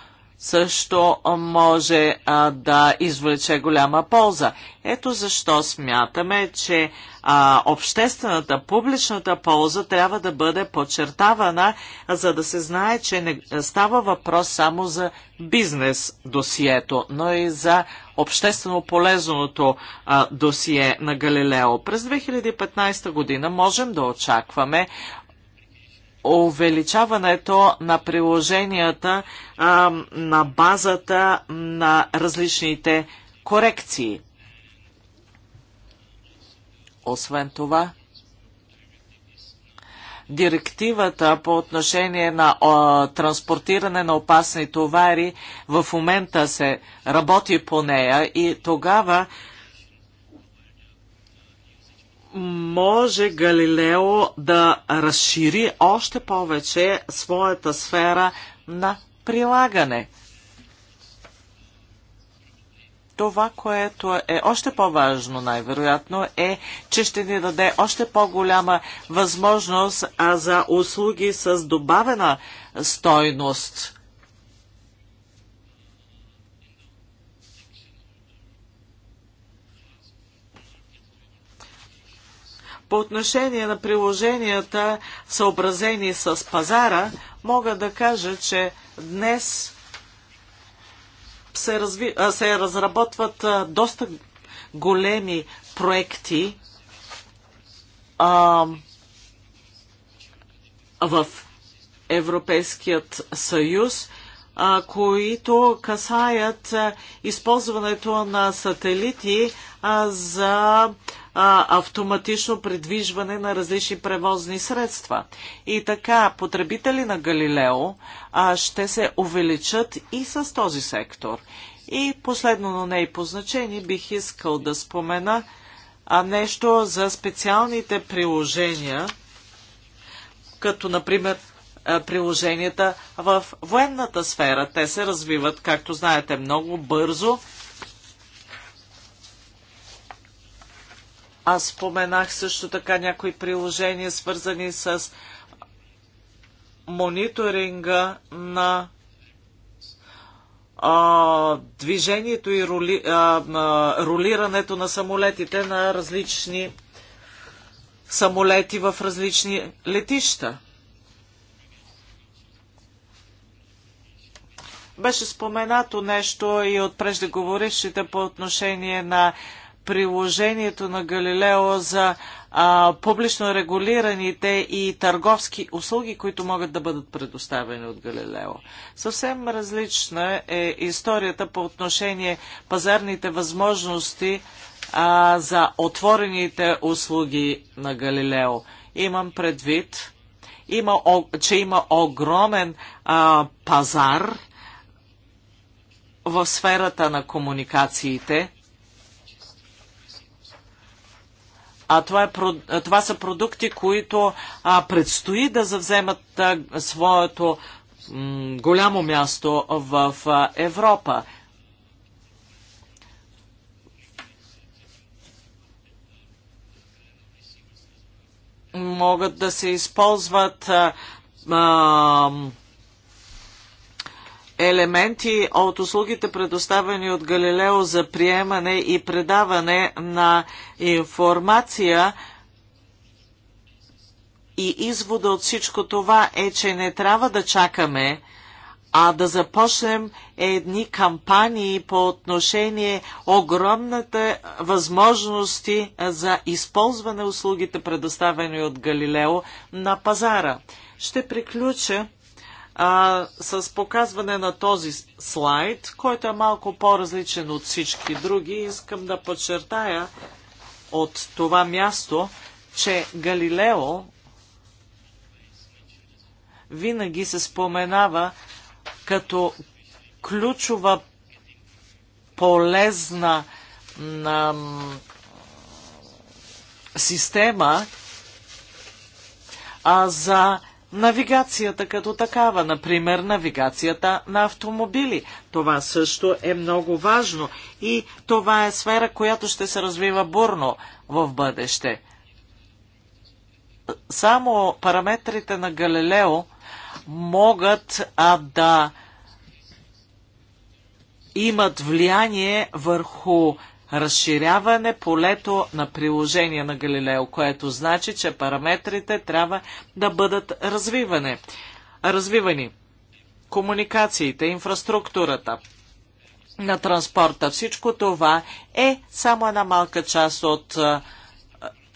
[SPEAKER 1] също може а, да извлече голяма полза. Ето защо смятаме, че а, обществената, публичната полза трябва да бъде подчертавана, за да се знае, че не става въпрос само за бизнес досието, но и за обществено полезното а, досие на Галилео. През 2015 година можем да очакваме увеличаването на приложенията а, на базата на различните корекции. Освен това, директивата по отношение на о, транспортиране на опасни товари в момента се работи по нея и тогава може Галилео да разшири още повече своята сфера на прилагане. Това, което е още по-важно, най-вероятно, е, че ще ни даде още по-голяма възможност за услуги с добавена стойност По отношение на приложенията, съобразени с пазара, мога да кажа, че днес се, разви... се разработват доста големи проекти а, в Европейският съюз, а, които касаят използването на сателити а, за а, автоматично предвижване на различни превозни средства. И така, потребители на Галилео а, ще се увеличат и с този сектор. И последно, но не и по значение, бих искал да спомена а нещо за специалните приложения, като например приложенията в военната сфера. Те се развиват, както знаете, много бързо Аз споменах също така някои приложения, свързани с мониторинга на а, движението и роли, а, на ролирането на самолетите на различни самолети в различни летища. Беше споменато нещо и от преждеговорившите по отношение на приложението на Галилео за а, публично регулираните и търговски услуги, които могат да бъдат предоставени от Галилео. Съвсем различна е историята по отношение пазарните възможности а, за отворените услуги на Галилео. Имам предвид, има, че има огромен а, пазар в сферата на комуникациите – А това, е, това са продукти, които а, предстои да завземат а, своето м, голямо място в а, Европа. Могат да се използват а, а, елементи от услугите, предоставени от Галилео за приемане и предаване на информация и извода от всичко това е, че не трябва да чакаме, а да започнем едни кампании по отношение огромната възможности за използване услугите, предоставени от Галилео на пазара. Ще приключа а, с показване на този слайд, който е малко по-различен от всички други. Искам да подчертая от това място, че Галилео винаги се споменава като ключова полезна на система а, за навигацията като такава, например навигацията на автомобили. Това също е много важно и това е сфера, която ще се развива бурно в бъдеще. Само параметрите на Галилео могат а, да имат влияние върху разширяване полето на приложение на Галилео, което значи, че параметрите трябва да бъдат развиване, развивани. Комуникациите, инфраструктурата на транспорта, всичко това е само една малка част от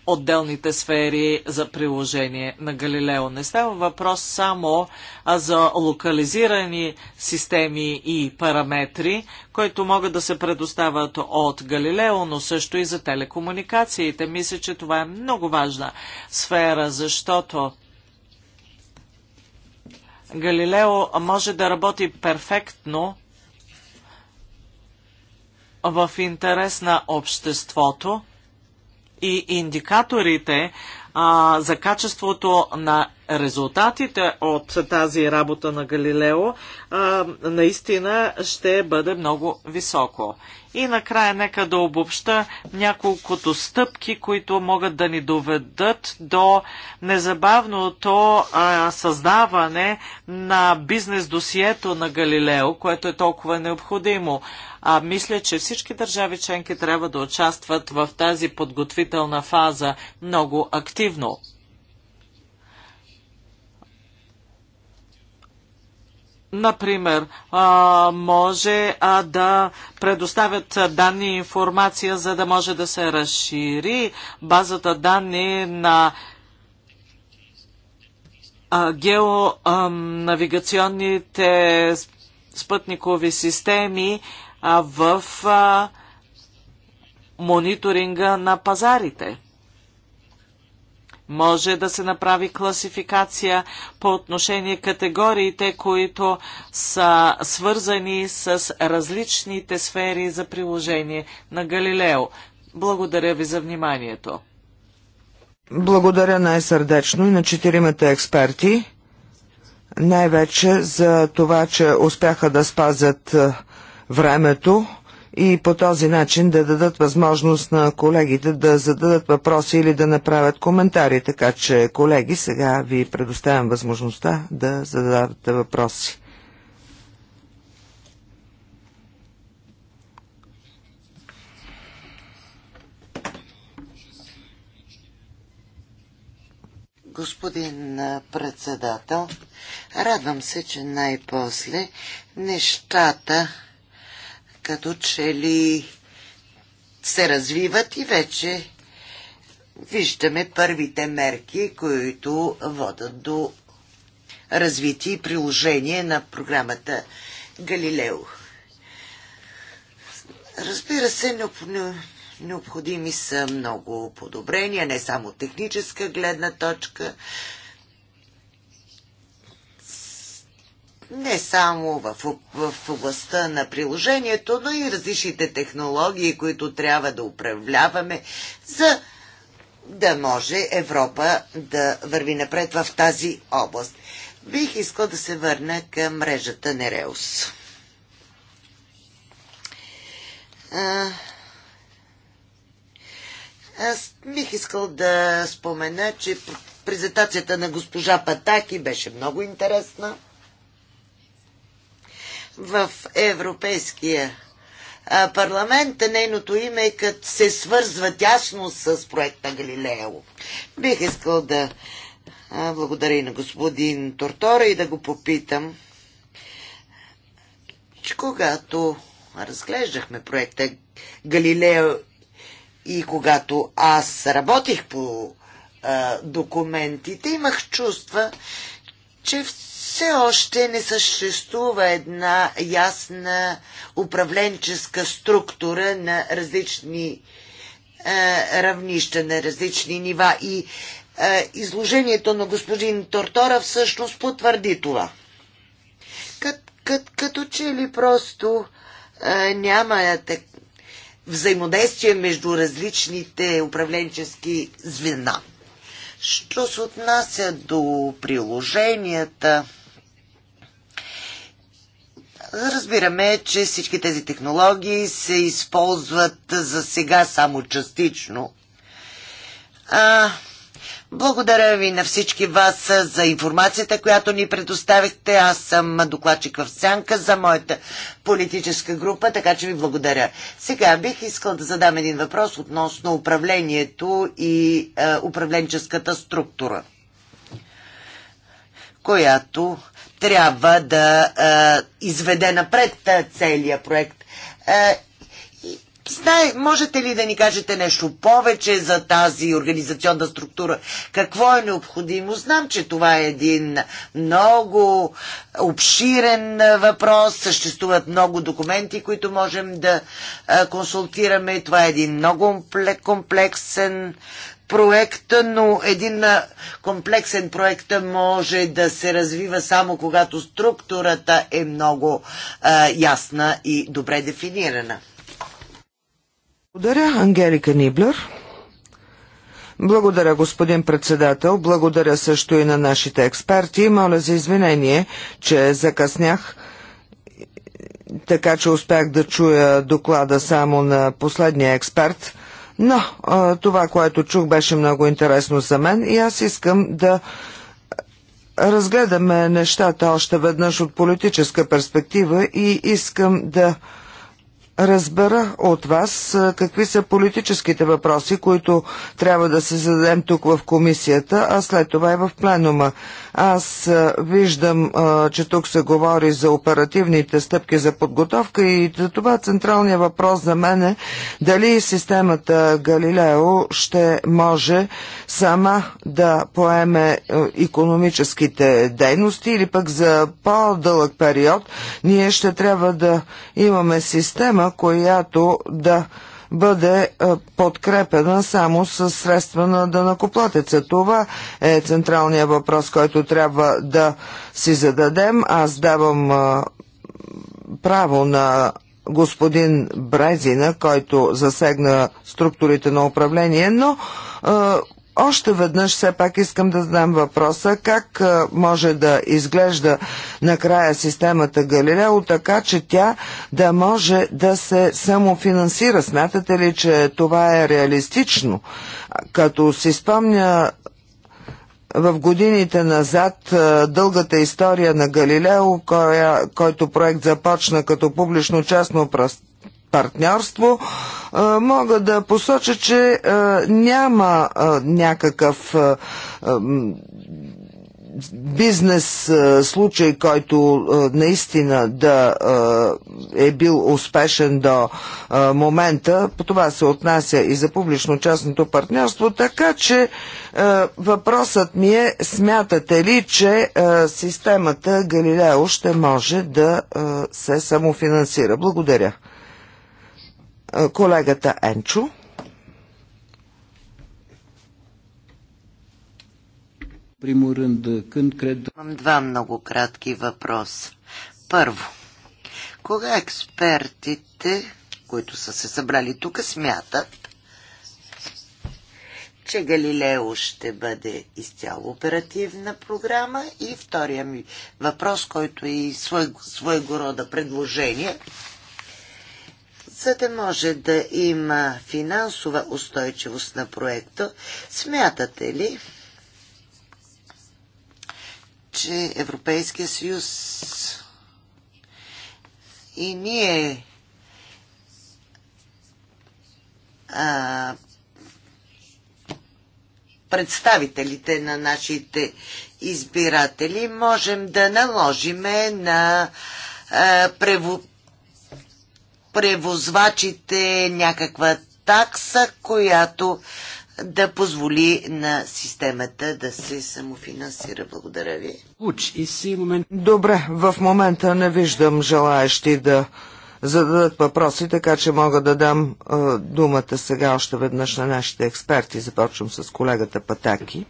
[SPEAKER 1] отделните сфери за приложение на Галилео. Не става въпрос само за локализирани системи и параметри, които могат да се предоставят от Галилео, но също и за телекомуникациите. Мисля, че това е много важна сфера, защото Галилео може да работи перфектно в интерес на обществото, и индикаторите а, за качеството на резултатите от тази работа на Галилео а, наистина ще бъде много високо. И накрая нека да обобща няколкото стъпки, които могат да ни доведат до незабавното а, създаване на бизнес досието на Галилео, което е толкова необходимо. А мисля, че всички държави членки трябва да участват в тази подготвителна фаза много активно. например, може да предоставят данни и информация, за да може да се разшири базата данни на геонавигационните спътникови системи в мониторинга на пазарите. Може да се направи класификация по отношение категориите, които са свързани с различните сфери за приложение на Галилео. Благодаря ви за вниманието.
[SPEAKER 2] Благодаря най-сърдечно и на четиримата експерти, най-вече за това, че успяха да спазят е, времето и по този начин да дадат възможност на колегите да зададат въпроси или да направят коментари. Така че, колеги, сега ви предоставям възможността да зададете въпроси.
[SPEAKER 3] Господин председател, радвам се, че най-после нещата като че ли се развиват и вече виждаме първите мерки, които водат до развитие и приложение на програмата Галилео. Разбира се, необходими са много подобрения, не само техническа гледна точка, не само в, в, в областта на приложението, но и различните технологии, които трябва да управляваме, за да може Европа да върви напред в тази област. Бих искал да се върна към мрежата Нереус. Аз бих искал да спомена, че презентацията на госпожа Патаки беше много интересна в Европейския парламент, нейното име е като се свързва тясно с проекта Галилео. Бих искал да благодаря и на господин Тортора и да го попитам, че когато разглеждахме проекта Галилео и когато аз работих по а, документите, имах чувства, че все още не съществува една ясна управленческа структура на различни е, равнища, на различни нива. И е, изложението на господин Тортора всъщност потвърди това. Кът, кът, като че ли просто е, няма так, взаимодействие между различните управленчески звена. Що се отнася до приложенията, Разбираме, че всички тези технологии се използват за сега само частично. А, благодаря ви на всички вас за информацията, която ни предоставихте. Аз съм докладчик в Сянка за моята политическа група, така че ви благодаря. Сега бих искал да задам един въпрос относно управлението и а, е, управленческата структура, която трябва да а, изведе напред целият проект. А, Знае, можете ли да ни кажете нещо повече за тази организационна структура? Какво е необходимо? Знам, че това е един много обширен въпрос. Съществуват много документи, които можем да консултираме. Това е един много комплексен проект, но един комплексен проект може да се развива само когато структурата е много а, ясна и добре дефинирана. Благодаря,
[SPEAKER 2] Ангелика Ниблер. Благодаря, господин председател. Благодаря също и на нашите експерти. Моля за извинение, че закъснях така че успях да чуя доклада само на последния експерт. Но това, което чух, беше много интересно за мен и аз искам да разгледаме нещата още веднъж от политическа перспектива и искам да разбера от вас какви са политическите въпроси, които трябва да се зададем тук в комисията, а след това и в пленума. Аз виждам, че тук се говори за оперативните стъпки за подготовка и за това централният въпрос за мен е дали системата Галилео ще може сама да поеме економическите дейности или пък за по-дълъг период ние ще трябва да имаме система, която да бъде е, подкрепена само с средства на дънакоплатеца. Това е централният въпрос, който трябва да си зададем. Аз давам е, право на господин Брезина, който засегна структурите на управление, но е, още веднъж все пак искам да знам въпроса как може да изглежда накрая системата Галилео, така че тя да може да се самофинансира. Смятате ли, че това е реалистично? Като си спомня в годините назад дългата история на Галилео, който проект започна като публично-частно партньорство. Е, мога да посоча, че е, няма е, някакъв бизнес случай, който наистина да е бил успешен до момента. По това се отнася и за публично-частното партньорство, така че въпросът ми е, смятате ли, че системата Галилео ще може да се самофинансира? Благодаря колегата Енчо.
[SPEAKER 3] Имам два много кратки въпроса. Първо, кога експертите, които са се събрали тук, смятат, че Галилео ще бъде изцяло оперативна програма? И втория ми въпрос, който е и своего, своего рода предложение – за да може да има финансова устойчивост на проекта, смятате ли, че Европейския съюз и ние а, представителите на нашите избиратели можем да наложиме на а, превозвачите някаква такса, която да позволи на системата да се самофинансира. Благодаря ви.
[SPEAKER 2] Добре, в момента не виждам желаящи да зададат въпроси, така че мога да дам е, думата сега още веднъж на нашите експерти. Започвам с колегата Патаки.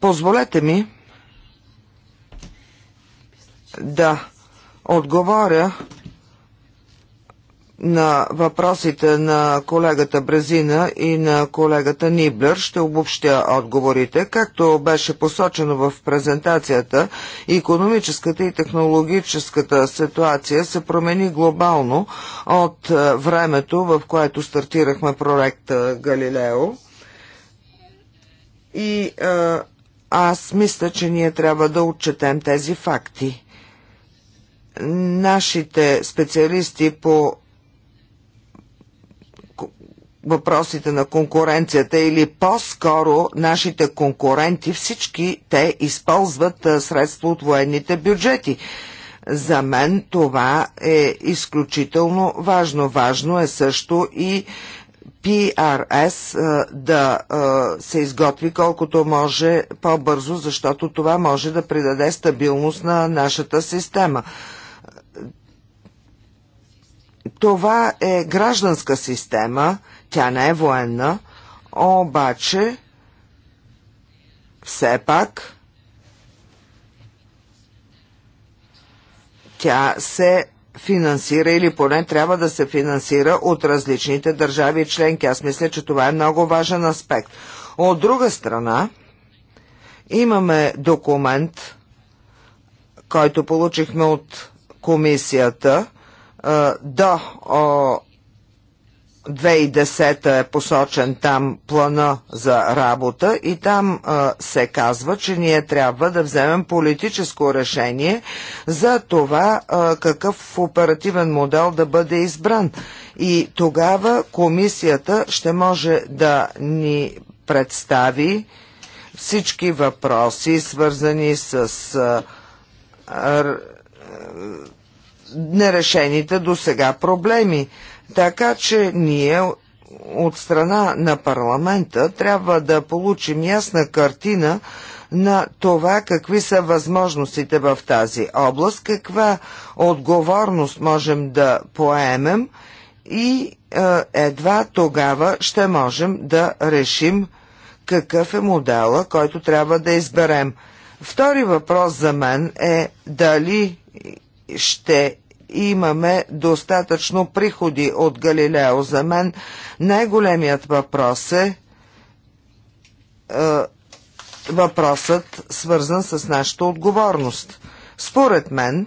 [SPEAKER 2] Позволете ми да отговоря на въпросите на колегата Брезина и на колегата Ниблер. Ще обобщя отговорите. Както беше посочено в презентацията, економическата и технологическата ситуация се промени глобално от е, времето, в което стартирахме проекта Галилео. И а, е, аз мисля, че ние трябва да отчетем тези факти нашите специалисти по въпросите на конкуренцията или по-скоро нашите конкуренти, всички те използват средства от военните бюджети. За мен това е изключително важно. Важно е също и PRS да се изготви колкото може по-бързо, защото това може да придаде стабилност на нашата система. Това е гражданска система, тя не е военна, обаче все пак тя се финансира или поне трябва да се финансира от различните държави и членки. Аз мисля, че това е много важен аспект. От друга страна, имаме документ, който получихме от комисията – до 2010 е посочен там плана за работа и там а, се казва, че ние трябва да вземем политическо решение за това а, какъв оперативен модел да бъде избран. И тогава комисията ще може да ни представи всички въпроси, свързани с а, нерешените до сега проблеми. Така че ние от страна на парламента трябва да получим ясна картина на това какви са възможностите в тази област, каква отговорност можем да поемем и е, едва тогава ще можем да решим какъв е модела, който трябва да изберем. Втори въпрос за мен е дали ще имаме достатъчно приходи от Галилео. За мен най-големият въпрос е, е въпросът свързан с нашата отговорност. Според мен,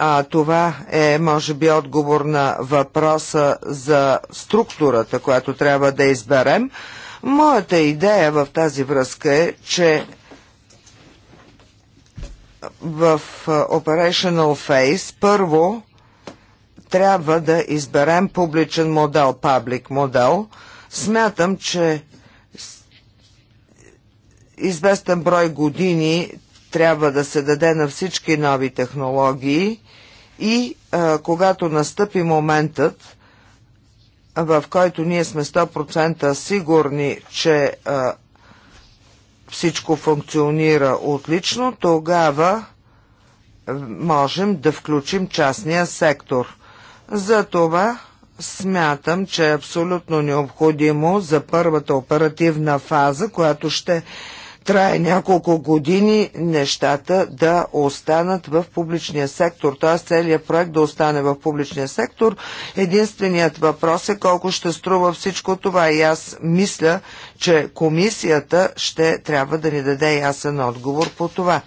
[SPEAKER 2] а това е, може би, отговор на въпроса за структурата, която трябва да изберем. Моята идея в тази връзка е, че в Operational Phase първо трябва да изберем публичен модел, паблик модел. Смятам, че известен брой години трябва да се даде на всички нови технологии и а, когато настъпи моментът, в който ние сме 100% сигурни, че а, всичко функционира отлично, тогава е, можем да включим частния сектор. Затова смятам, че е абсолютно необходимо за първата оперативна фаза, която ще трае няколко години нещата да останат в публичния сектор, т.е. целият проект да остане в публичния сектор. Единственият въпрос е колко ще струва всичко това и аз мисля, че комисията ще трябва да ни даде ясен отговор по това.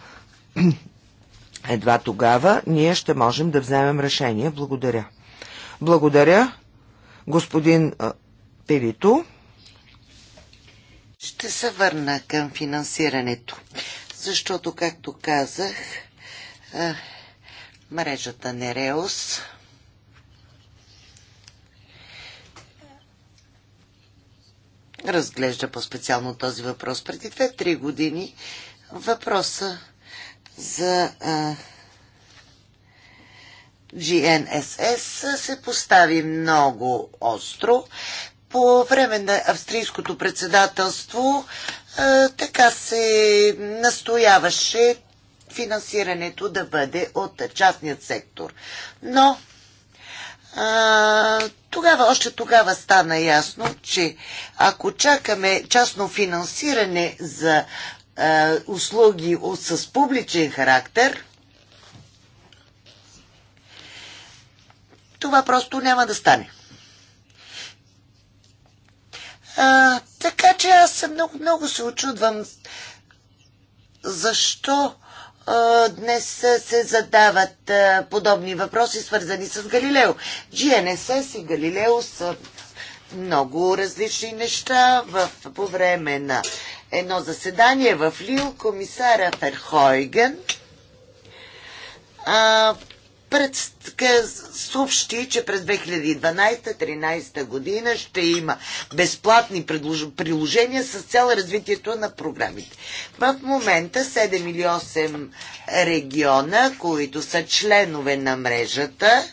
[SPEAKER 2] (clears throat) Едва тогава ние ще можем да вземем решение. Благодаря. Благодаря, господин Пилито.
[SPEAKER 3] Ще се върна към финансирането, защото, както казах, мрежата Нереус разглежда по-специално този въпрос. Преди 2-3 години въпроса за GNSS се постави много остро по време на австрийското председателство така се настояваше финансирането да бъде от частният сектор. Но а, тогава, още тогава стана ясно, че ако чакаме частно финансиране за а, услуги с публичен характер, това просто няма да стане. А, така че аз много, много се очудвам защо а, днес се задават а, подобни въпроси, свързани с Галилео. GNSS и Галилео са много различни неща в, по време на едно заседание в Лил комисара Ферхойген а, пред, съобщи, че през 2012-2013 година ще има безплатни приложения с цел развитието на програмите. В момента 7 или 8 региона, които са членове на мрежата,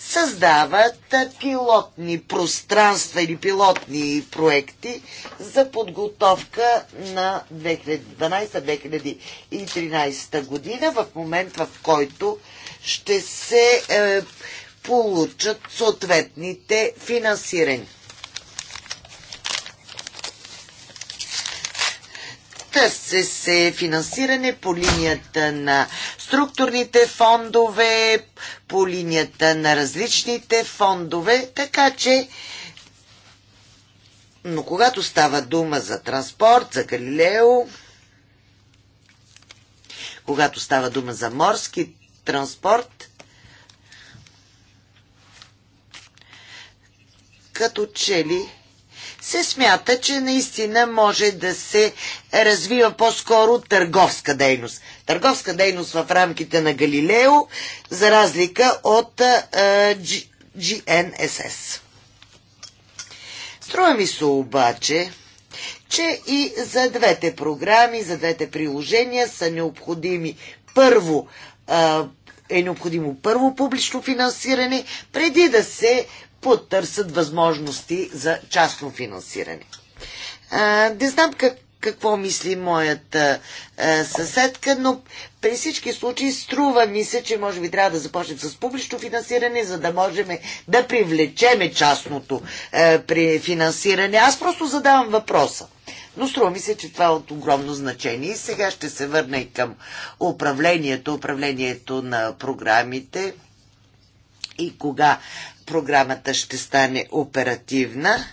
[SPEAKER 3] създават пилотни пространства или пилотни проекти за подготовка на 2012-2013 година, в момент в който ще се е, получат съответните финансирани. Търси се финансиране по линията на структурните фондове, по линията на различните фондове, така че но когато става дума за транспорт, за Галилео, когато става дума за морски транспорт, като че ли се смята, че наистина може да се развива по-скоро търговска дейност. Търговска дейност в рамките на Галилео, за разлика от GNSS. Струва ми се обаче, че и за двете програми, за двете приложения са необходими първо е необходимо първо публично финансиране, преди да се потърсят възможности за частно финансиране. Не знам как, какво мисли моята а, съседка, но при всички случаи струва ми се, че може би трябва да започнем с публично финансиране, за да можем да привлечеме частното а, при финансиране. Аз просто задавам въпроса. Но струва ми се, че това е от огромно значение. И сега ще се върна и към управлението, управлението на програмите и кога програмата ще стане оперативна.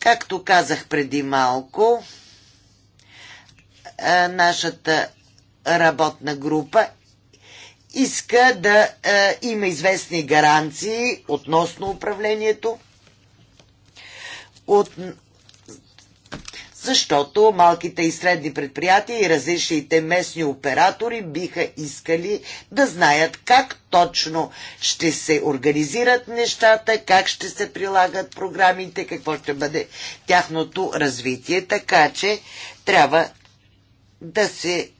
[SPEAKER 3] Както казах преди малко, нашата работна група иска да е, има известни гаранции относно управлението. От защото малките и средни предприятия и различните местни оператори биха искали да знаят как точно ще се организират нещата, как ще се прилагат програмите, какво ще бъде тяхното развитие. Така че трябва да се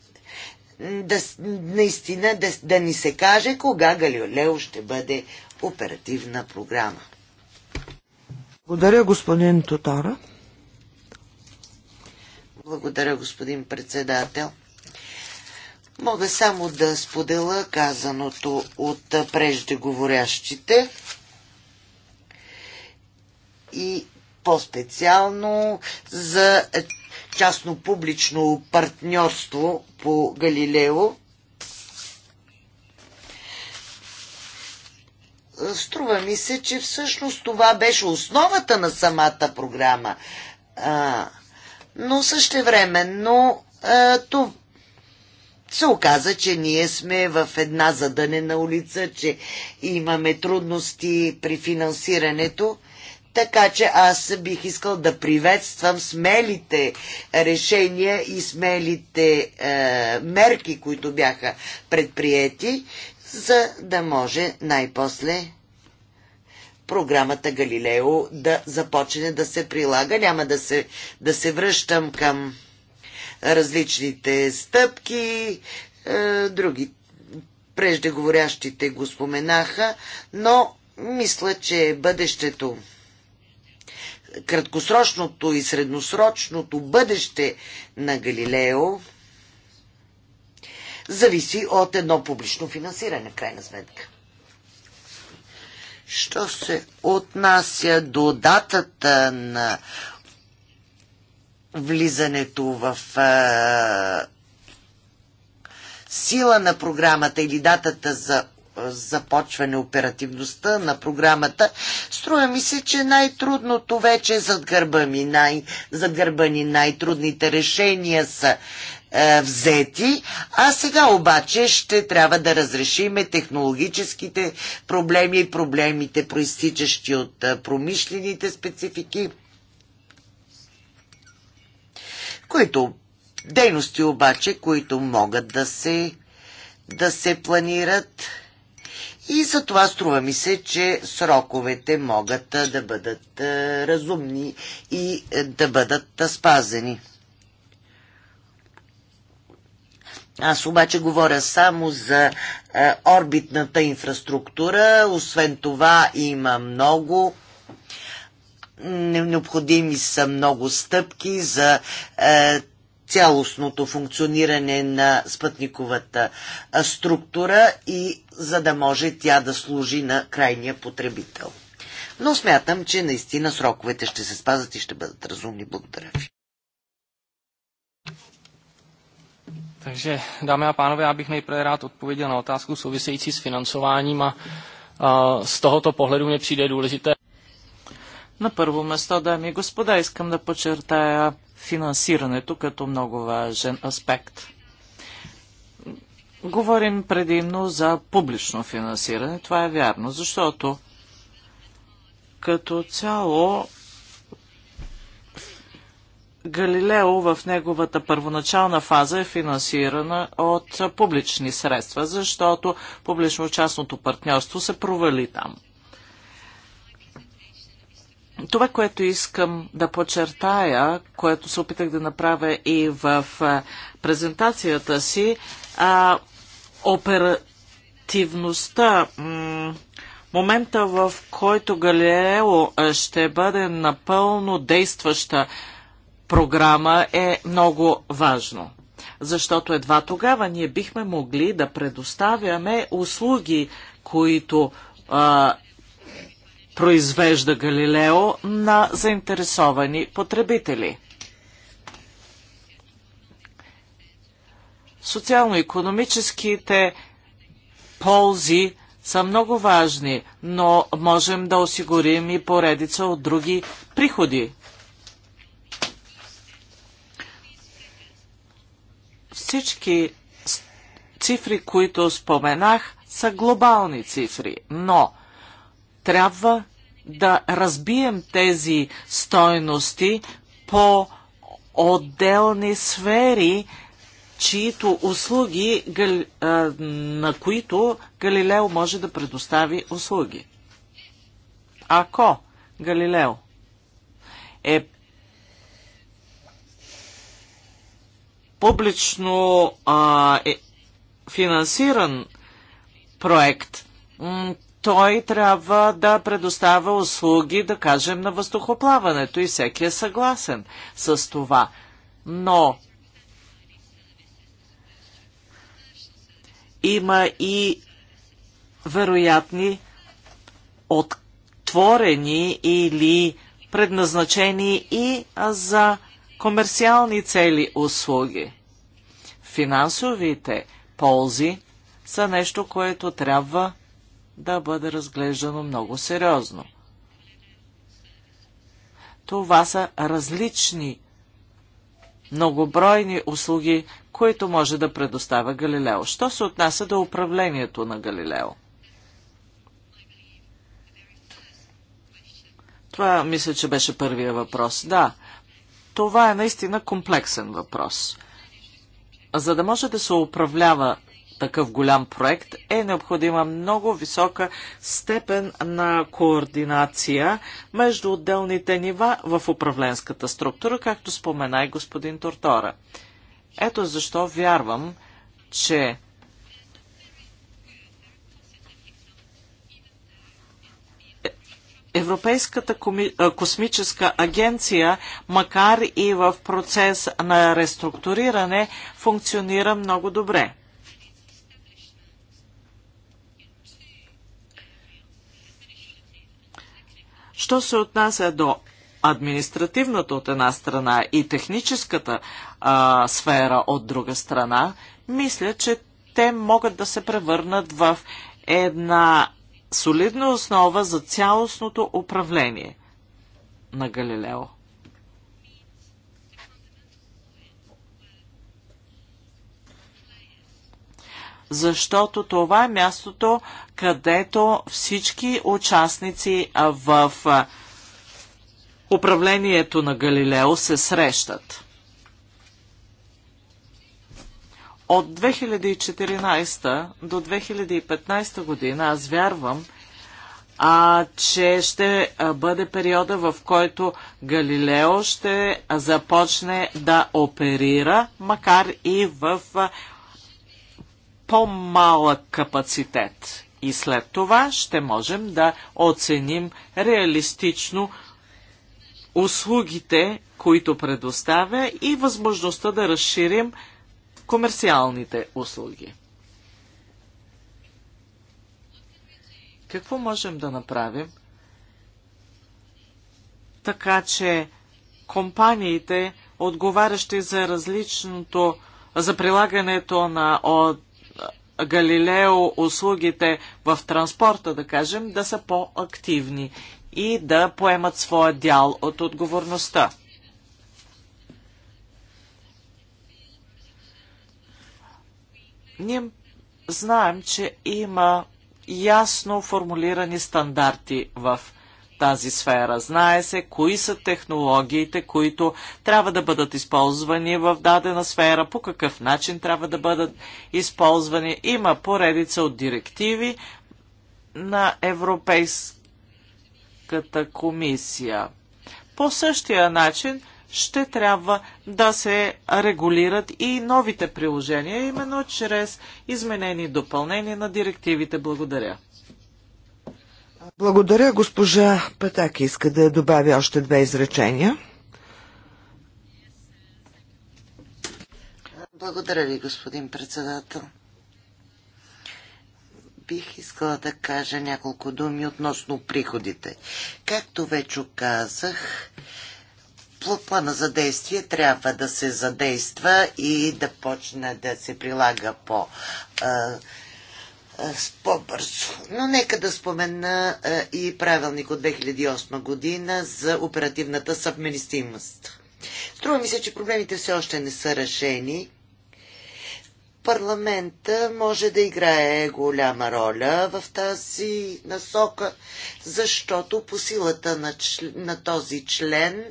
[SPEAKER 3] да, наистина да, да ни се каже кога Галилео ще бъде оперативна програма.
[SPEAKER 2] Благодаря, господин Тотара.
[SPEAKER 3] Благодаря, господин председател. Мога само да споделя казаното от преждеговорящите и по-специално за частно-публично партньорство по Галилео. Струва ми се, че всъщност това беше основата на самата програма. А, но но а, то се оказа, че ние сме в една задънена улица, че имаме трудности при финансирането. Така че аз бих искал да приветствам смелите решения и смелите е, мерки, които бяха предприяти, за да може най-после програмата Галилео да започне да се прилага. Няма да се, да се връщам към различните стъпки, е, други преждеговорящите го споменаха, но мисля, че бъдещето, краткосрочното и средносрочното бъдеще на Галилео зависи от едно публично финансиране, крайна сметка. Що се отнася до датата на влизането в а, сила на програмата или датата за започване оперативността на програмата, струва ми се, че най-трудното вече е зад гърба ми, най- зад гърба ни най-трудните решения са е, взети, а сега обаче ще трябва да разрешиме технологическите проблеми и проблемите, проистичащи от е, промишлените специфики, които дейности обаче, които могат да се, да се планират. И за това струва ми се, че сроковете могат е, да бъдат разумни и да бъдат спазени. Аз обаче говоря само за е, орбитната инфраструктура. Освен това има много необходими са много стъпки за е, цялостното функциониране на спътниковата е, структура и за да може тя да служи на крайния потребител. Но смятам, че наистина сроковете ще се спазат и ще бъдат разумни. Благодаря ви.
[SPEAKER 1] Takže, dámy a pánové, já bych nejprve rád odpověděl na otázku související s financováním a, a z tohoto pohledu mě přijde důležité. На първо место, дами и господа, искам да подчертая финансирането като много важен аспект. Говорим предимно за публично финансиране. Това е вярно, защото като цяло Галилео в неговата първоначална фаза е финансирана от публични средства, защото публично-частното партньорство се провали там. Това, което искам да подчертая, което се опитах да направя и в презентацията си, а, оперативността, момента в който Галилео ще бъде напълно действаща програма е много важно. Защото едва тогава ние бихме могли да предоставяме услуги, които а, произвежда Галилео на заинтересовани потребители. Социално-економическите ползи са много важни, но можем да осигурим и поредица от други приходи, Всички цифри, които споменах, са глобални цифри, но трябва да разбием тези стойности по отделни сфери, чието услуги, на които Галилео може да предостави услуги. Ако Галилео е публично а, е, финансиран проект, той трябва да предоставя услуги, да кажем, на въздухоплаването и всеки е съгласен с това. Но има и вероятни отворени или предназначени и за комерциални цели услуги финансовите ползи са нещо, което трябва да бъде разглеждано много сериозно. Това са различни многобройни услуги, които може да предоставя Галилео. Що се отнася до управлението на Галилео? Това мисля, че беше първия въпрос. Да, това е наистина комплексен въпрос за да може да се управлява такъв голям проект, е необходима много висока степен на координация между отделните нива в управленската структура, както спомена и господин Тортора. Ето защо вярвам, че Европейската космическа агенция, макар и в процес на реструктуриране, функционира много добре. Що се отнася до административната от една страна и техническата а, сфера от друга страна, мисля, че те могат да се превърнат в една солидна основа за цялостното управление на Галилео. защото това е мястото, където всички участници в управлението на Галилео се срещат. От 2014 до 2015 година аз вярвам, а, че ще бъде периода, в който Галилео ще започне да оперира, макар и в по-малък капацитет. И след това ще можем да оценим реалистично услугите, които предоставя и възможността да разширим комерциалните услуги. Какво можем да направим, така че компаниите, отговарящи за различното, за прилагането на от Галилео услугите в транспорта, да кажем, да са по-активни и да поемат своя дял от отговорността. Ние знаем, че има ясно формулирани стандарти в тази сфера. Знае се кои са технологиите, които трябва да бъдат използвани в дадена сфера, по какъв начин трябва да бъдат използвани. Има поредица от директиви на Европейската комисия. По същия начин ще трябва да се регулират и новите приложения, именно чрез изменени и допълнения на директивите. Благодаря.
[SPEAKER 2] Благодаря, госпожа Патак. Иска да добавя още две изречения.
[SPEAKER 3] Благодаря ви, господин председател. Бих искала да кажа няколко думи относно приходите. Както вече казах, плана за действие трябва да се задейства и да почне да се прилага по по-бързо. Но нека да спомена и правилник от 2008 година за оперативната съвместимост. Струва ми се, че проблемите все още не са решени. Парламента може да играе голяма роля в тази насока, защото по силата на, чл... на този член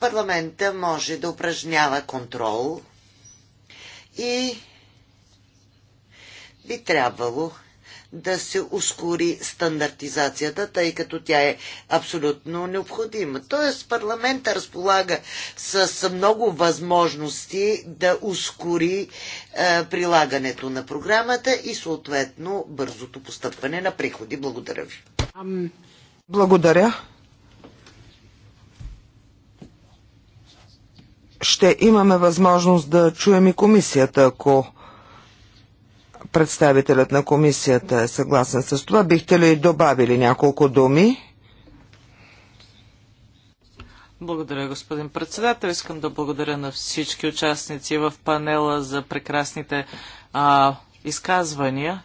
[SPEAKER 3] парламента може да упражнява контрол и би трябвало да се ускори стандартизацията, тъй като тя е абсолютно необходима. Тоест парламента разполага с много възможности да ускори е, прилагането на програмата и съответно бързото постъпване на приходи. Благодаря ви.
[SPEAKER 2] Благодаря. ще имаме възможност да чуем и комисията, ако представителят на комисията е съгласен с това. Бихте ли добавили няколко думи?
[SPEAKER 1] Благодаря, господин председател. Искам да благодаря на всички участници в панела за прекрасните а, изказвания.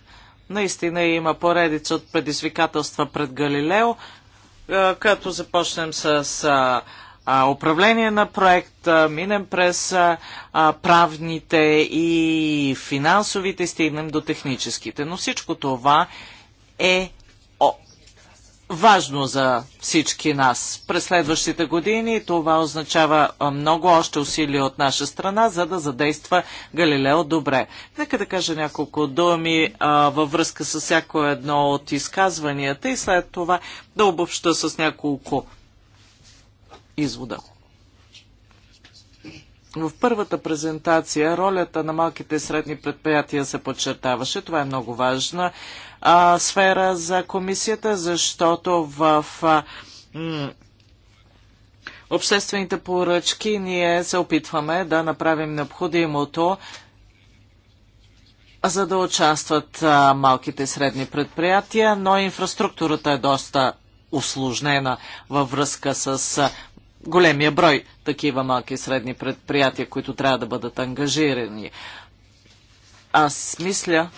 [SPEAKER 1] Наистина има поредица от предизвикателства пред Галилео, а, като започнем с а, управление на проекта, минем през а, правните и финансовите, стигнем до техническите. Но всичко това е о, важно за всички нас. През следващите години това означава много още усилия от наша страна, за да задейства Галилео добре. Нека да кажа няколко думи а, във връзка с всяко едно от изказванията и след това да обобща с няколко извода. В първата презентация ролята на малките и средни предприятия се подчертаваше. Това е много важна а, сфера за комисията, защото в а, обществените поръчки ние се опитваме да направим необходимото, за да участват а, малките и средни предприятия, но инфраструктурата е доста усложнена във връзка с големия брой такива малки и средни предприятия, които трябва да бъдат ангажирани. Аз мисля,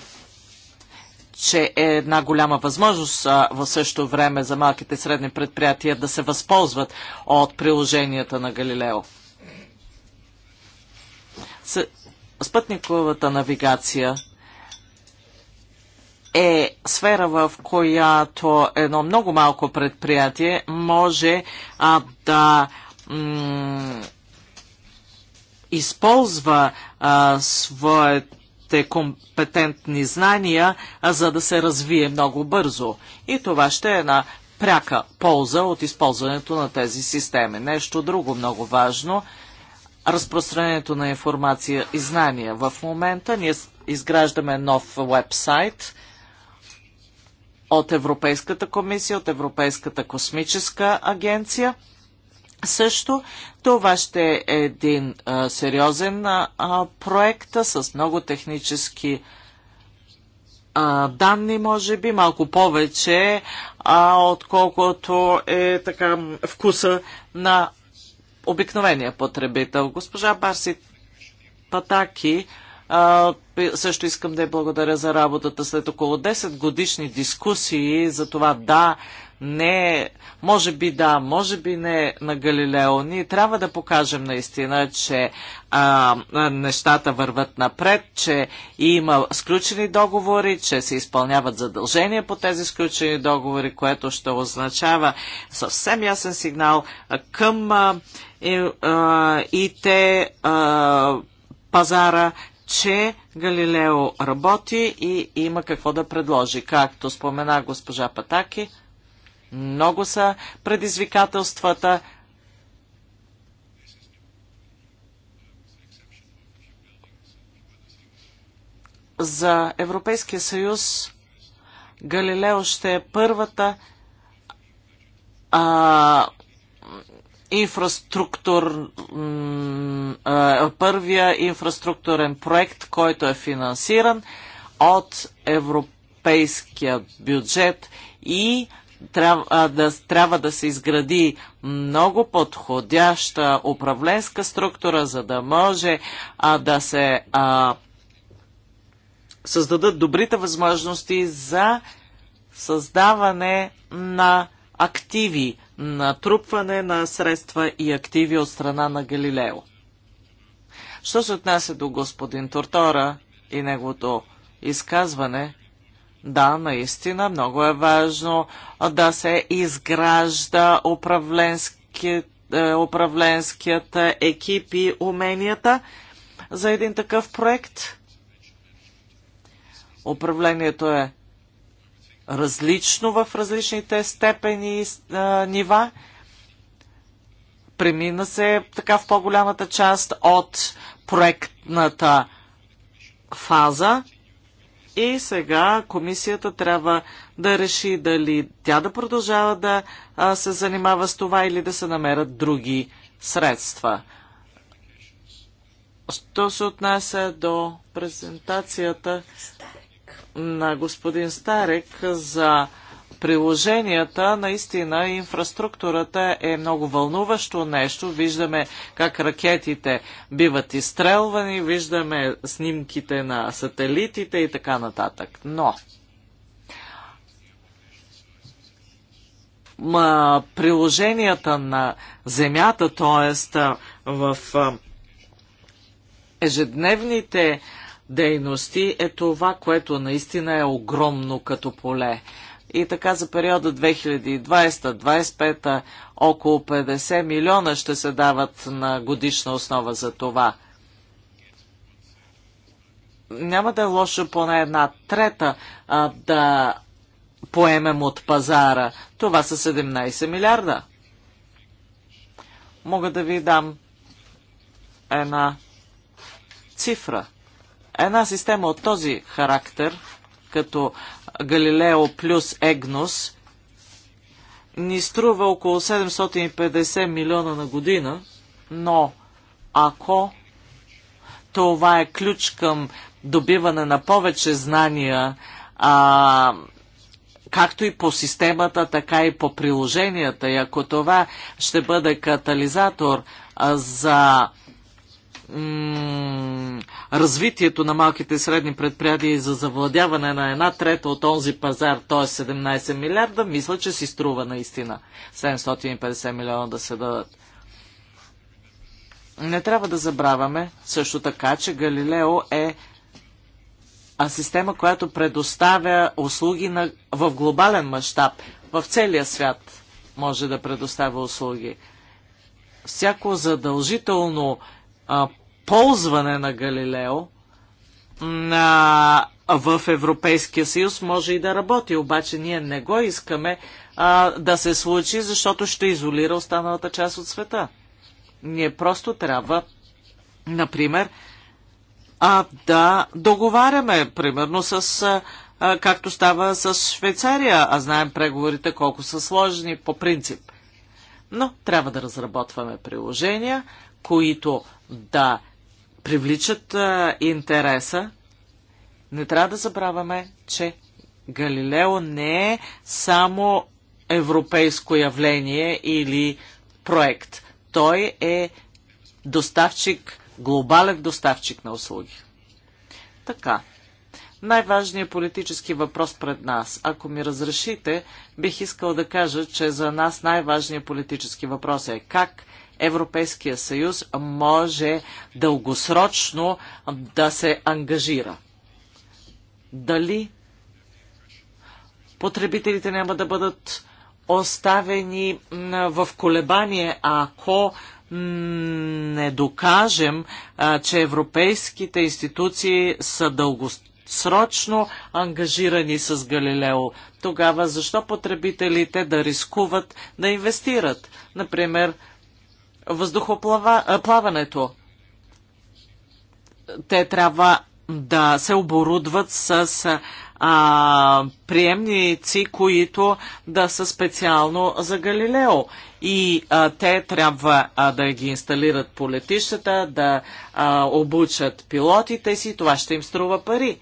[SPEAKER 1] че е една голяма възможност в същото време за малките и средни предприятия да се възползват от приложенията на Галилео. Спътниковата навигация е сфера, в която едно много малко предприятие може а, да използва а, своите компетентни знания, а, за да се развие много бързо. И това ще е една пряка полза от използването на тези системи. Нещо друго много важно разпространението на информация и знания. В момента ние изграждаме нов вебсайт – от Европейската комисия, от Европейската космическа агенция. Също това ще е един а, сериозен а, проект с много технически а, данни, може би, малко повече, а, отколкото е така вкуса на обикновения потребител. Госпожа Барси Патаки а, също искам да я благодаря за работата след около 10 годишни дискусии за това да, не, може би да, може би не на Галилео. Ние трябва да покажем наистина, че а, нещата върват напред, че има сключени договори, че се изпълняват задължения по тези сключени договори, което ще означава съвсем ясен сигнал към а, и, а, и те а, пазара, че Галилео работи и има какво да предложи. Както спомена госпожа Патаки, много са предизвикателствата. За Европейския съюз Галилео ще е първата а, инфраструктур, първия инфраструктурен проект, който е финансиран от европейския бюджет и трябва да, трябва да се изгради много подходяща управленска структура, за да може а, да се а, създадат добрите възможности за създаване на активи, натрупване на средства и активи от страна на Галилео. Що се отнася до господин Тортора и неговото изказване, да, наистина, много е важно да се изгражда управленски, е, управленският екип и уменията за един такъв проект. Управлението е различно в различните степени а, нива. Премина се така в по-голямата част от проектната фаза и сега комисията трябва да реши дали тя да продължава да а, се занимава с това или да се намерят други средства. Що се отнася до презентацията на господин Старек за приложенията, наистина инфраструктурата е много вълнуващо нещо. Виждаме как ракетите биват изстрелвани, виждаме снимките на сателитите и така нататък. Но приложенията на Земята, т.е. в ежедневните а, дейности е това, което наистина е огромно като поле. И така за периода 2020-2025 около 50 милиона ще се дават на годишна основа за това. Няма да е лошо поне една трета а, да поемем от пазара. Това са 17 милиарда. Мога да ви дам една цифра – една система от този характер, като Галилео плюс Егнос, ни струва около 750 милиона на година, но ако това е ключ към добиване на повече знания, а, както и по системата, така и по приложенията. И ако това ще бъде катализатор а, за развитието на малките и средни предприятия за завладяване на една трета от онзи пазар, т.е. 17 милиарда, мисля, че си струва наистина 750 милиона да се дадат. Не трябва да забравяме също така, че Галилео е система, която предоставя услуги на, в глобален мащаб. В целия свят може да предоставя услуги. Всяко задължително а, ползване на Галилео на, в Европейския съюз може и да работи, обаче ние не го искаме а, да се случи, защото ще изолира останалата част от света. Ние просто трябва, например, а, да договаряме, примерно с, а, както става с Швейцария, а знаем преговорите колко са сложни по принцип. Но трябва да разработваме приложения, които да привличат а, интереса, не трябва да забравяме, че Галилео не е само европейско явление или проект. Той е доставчик, глобален доставчик на услуги. Така. Най-важният политически въпрос пред нас. Ако ми разрешите, бих искал да кажа, че за нас най-важният политически въпрос е как Европейския съюз може дългосрочно да се ангажира. Дали потребителите няма да бъдат оставени в колебание, ако не докажем, че европейските институции са дългосрочно ангажирани с Галилео. Тогава защо потребителите да рискуват да инвестират? Например, въздухоплаването. Те трябва да се оборудват с а, приемници, които да са специално за Галилео. И а, те трябва а, да ги инсталират по летищата, да а, обучат пилотите си. Това ще им струва пари.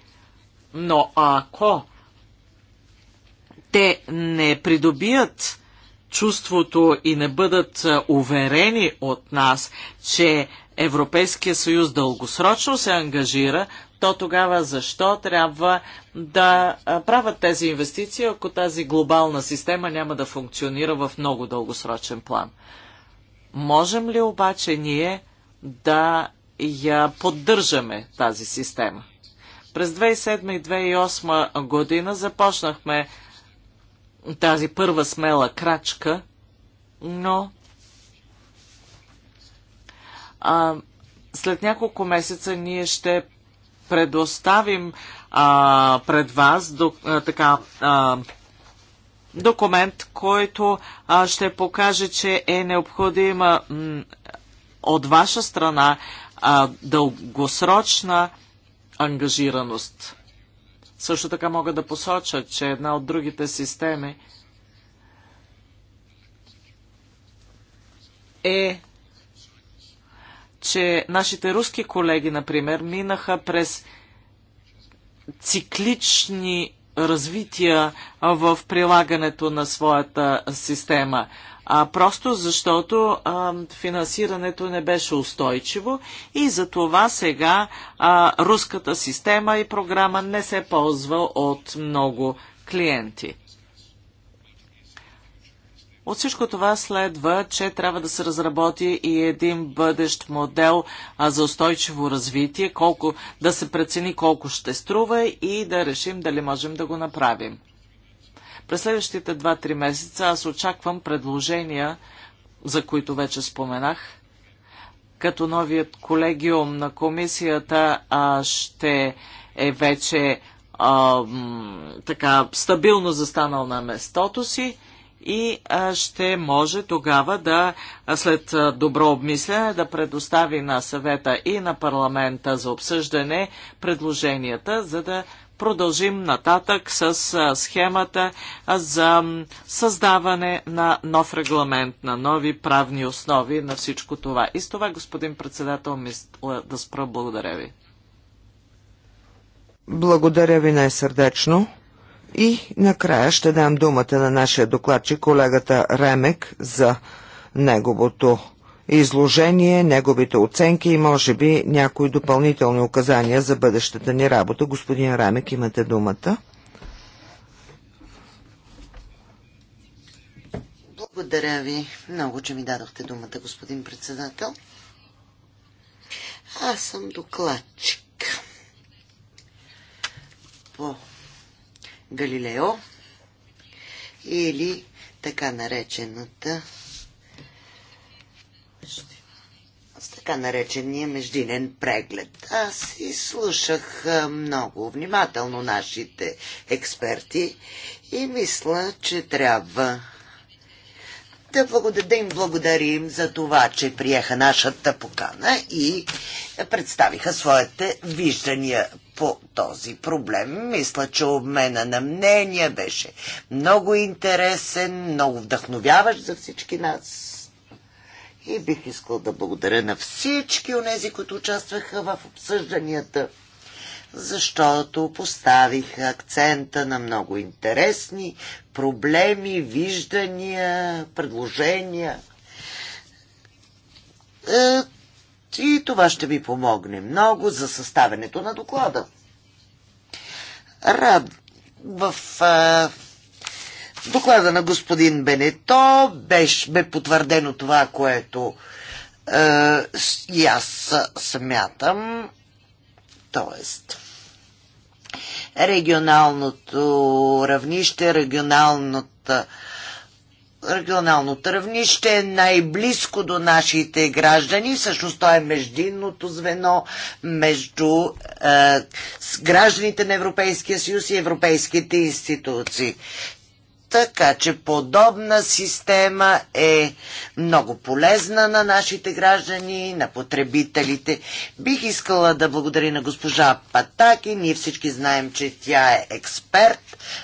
[SPEAKER 1] Но ако те не придобият чувството и не бъдат уверени от нас, че Европейския съюз дългосрочно се ангажира, то тогава защо трябва да правят тези инвестиции, ако тази глобална система няма да функционира в много дългосрочен план? Можем ли обаче ние да я поддържаме тази система? През 2007 и 2008 година започнахме тази първа смела крачка, но а, след няколко месеца ние ще предоставим а, пред вас до, а, така, а, документ, който а, ще покаже, че е необходима м, от ваша страна а, дългосрочна ангажираност. Също така мога да посоча, че една от другите системи е, че нашите руски колеги, например, минаха през циклични развития в прилагането на своята система а, просто защото а, финансирането не беше устойчиво и за това сега а, руската система и програма не се ползва от много клиенти. От всичко това следва, че трябва да се разработи и един бъдещ модел за устойчиво развитие, колко, да се прецени колко ще струва и да решим дали можем да го направим. През следващите 2-3 месеца аз очаквам предложения, за които вече споменах, като новият колегиум на комисията а, ще е вече а, така стабилно застанал на местото си и а, ще може тогава да, след добро обмислене, да предостави на съвета и на парламента за обсъждане предложенията, за да продължим нататък с схемата за създаване на нов регламент, на нови правни основи на всичко това. И с това, господин председател, мисля да спра. Благодаря ви.
[SPEAKER 2] Благодаря ви най-сърдечно. И накрая ще дам думата на нашия докладчик, колегата Ремек, за неговото изложение, неговите оценки и може би някои допълнителни указания за бъдещата ни работа. Господин Рамек, имате думата.
[SPEAKER 3] Благодаря ви много, че ми дадохте думата, господин председател. Аз съм докладчик по Галилео или така наречената с така наречения междинен преглед. Аз и слушах много внимателно нашите експерти и мисля, че трябва да, благодар... да им благодарим за това, че приеха нашата покана и представиха своите виждания по този проблем. Мисля, че обмена на мнения беше много интересен, много вдъхновяващ за всички нас. И бих искал да благодаря на всички онези, които участваха в обсъжданията, защото поставих акцента на много интересни проблеми, виждания, предложения. Е, и това ще ви помогне много за съставянето на доклада. Рад в доклада на господин Бенето беше, бе потвърдено това, което е, и аз смятам. Тоест, регионалното равнище, регионалното регионалното равнище е най-близко до нашите граждани. Всъщност то е междинното звено между е, гражданите на Европейския съюз и европейските институции така че подобна система е много полезна на нашите граждани, на потребителите. Бих искала да благодаря на госпожа Патаки. Ние всички знаем, че тя е експерт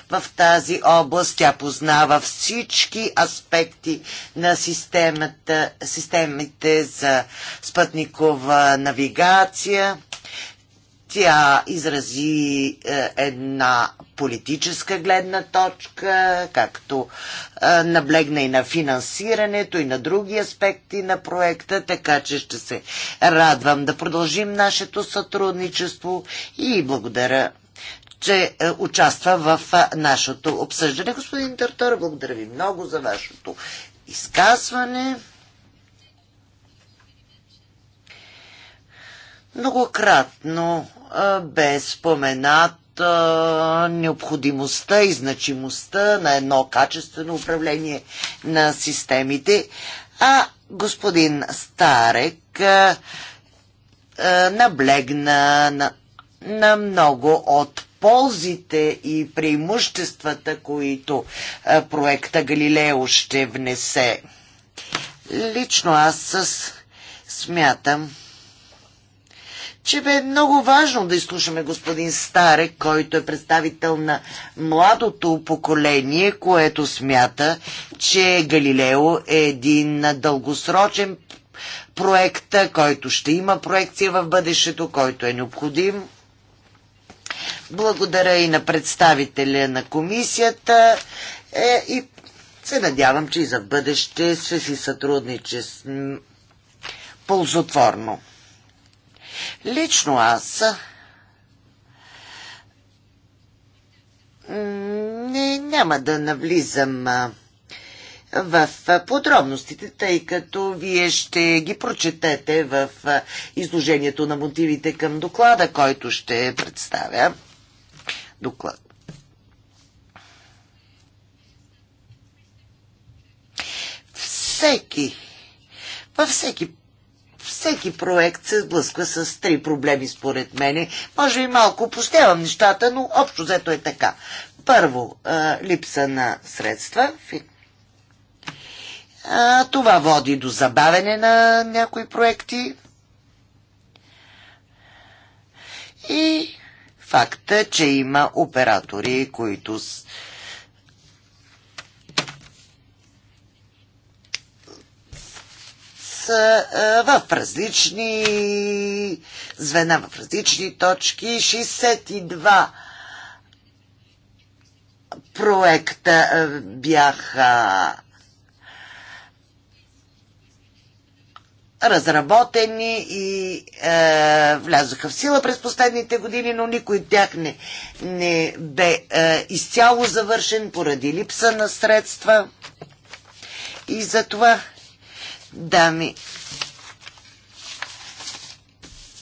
[SPEAKER 3] в тази област. Тя познава всички аспекти на системата, системите за спътникова навигация тя изрази е, една политическа гледна точка, както е, наблегна и на финансирането, и на други аспекти на проекта, така че ще се радвам да продължим нашето сътрудничество и благодаря че е, участва в нашето обсъждане. Господин Тартор, благодаря ви много за вашето изказване. Многократно бе споменат необходимостта и значимостта на едно качествено управление на системите, а господин Старек наблегна на, на много от ползите и преимуществата, които проекта Галилео ще внесе. Лично аз смятам, че бе много важно да изслушаме господин Старе, който е представител на младото поколение, което смята, че Галилео е един дългосрочен проект, който ще има проекция в бъдещето, който е необходим. Благодаря и на представителя на комисията е, и се надявам, че и за бъдеще ще си сътрудниче ползотворно. Лично аз не, няма да навлизам в подробностите, тъй като вие ще ги прочетете в изложението на мотивите към доклада, който ще представя. Доклад. Всеки, във всеки всеки проект се сблъсква с три проблеми, според мене. Може и малко пощевам нещата, но общо взето е така. Първо, а, липса на средства. А, това води до забавене на някои проекти. И факта, че има оператори, които с в различни звена, в различни точки. 62 проекта бяха разработени и е, влязоха в сила през последните години, но никой от тях не, не бе е, изцяло завършен поради липса на средства. И затова Дами,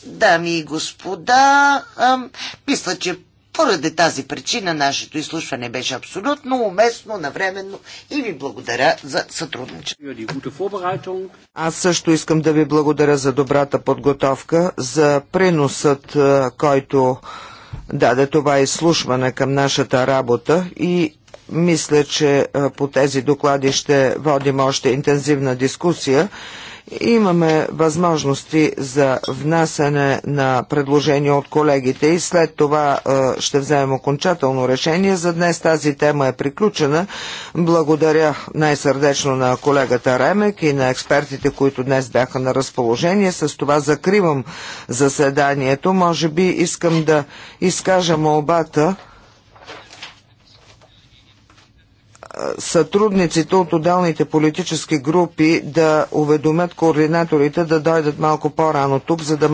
[SPEAKER 3] дами и господа, ам, мисля, че поради тази причина нашето изслушване беше абсолютно уместно, навременно и ви благодаря за
[SPEAKER 1] сътрудничество.
[SPEAKER 2] Аз също искам да ви благодаря за добрата подготовка, за приносът, който даде това изслушване към нашата работа и мисля, че по тези доклади ще водим още интензивна дискусия. Имаме възможности за внасяне на предложения от колегите и след това ще вземем окончателно решение. За днес тази тема е приключена. Благодаря най-сърдечно на колегата Ремек и на експертите, които днес бяха на разположение. С това закривам заседанието. Може би искам да изкажа молбата сътрудниците от отделните политически групи да уведомят координаторите да дойдат малко по-рано тук, за да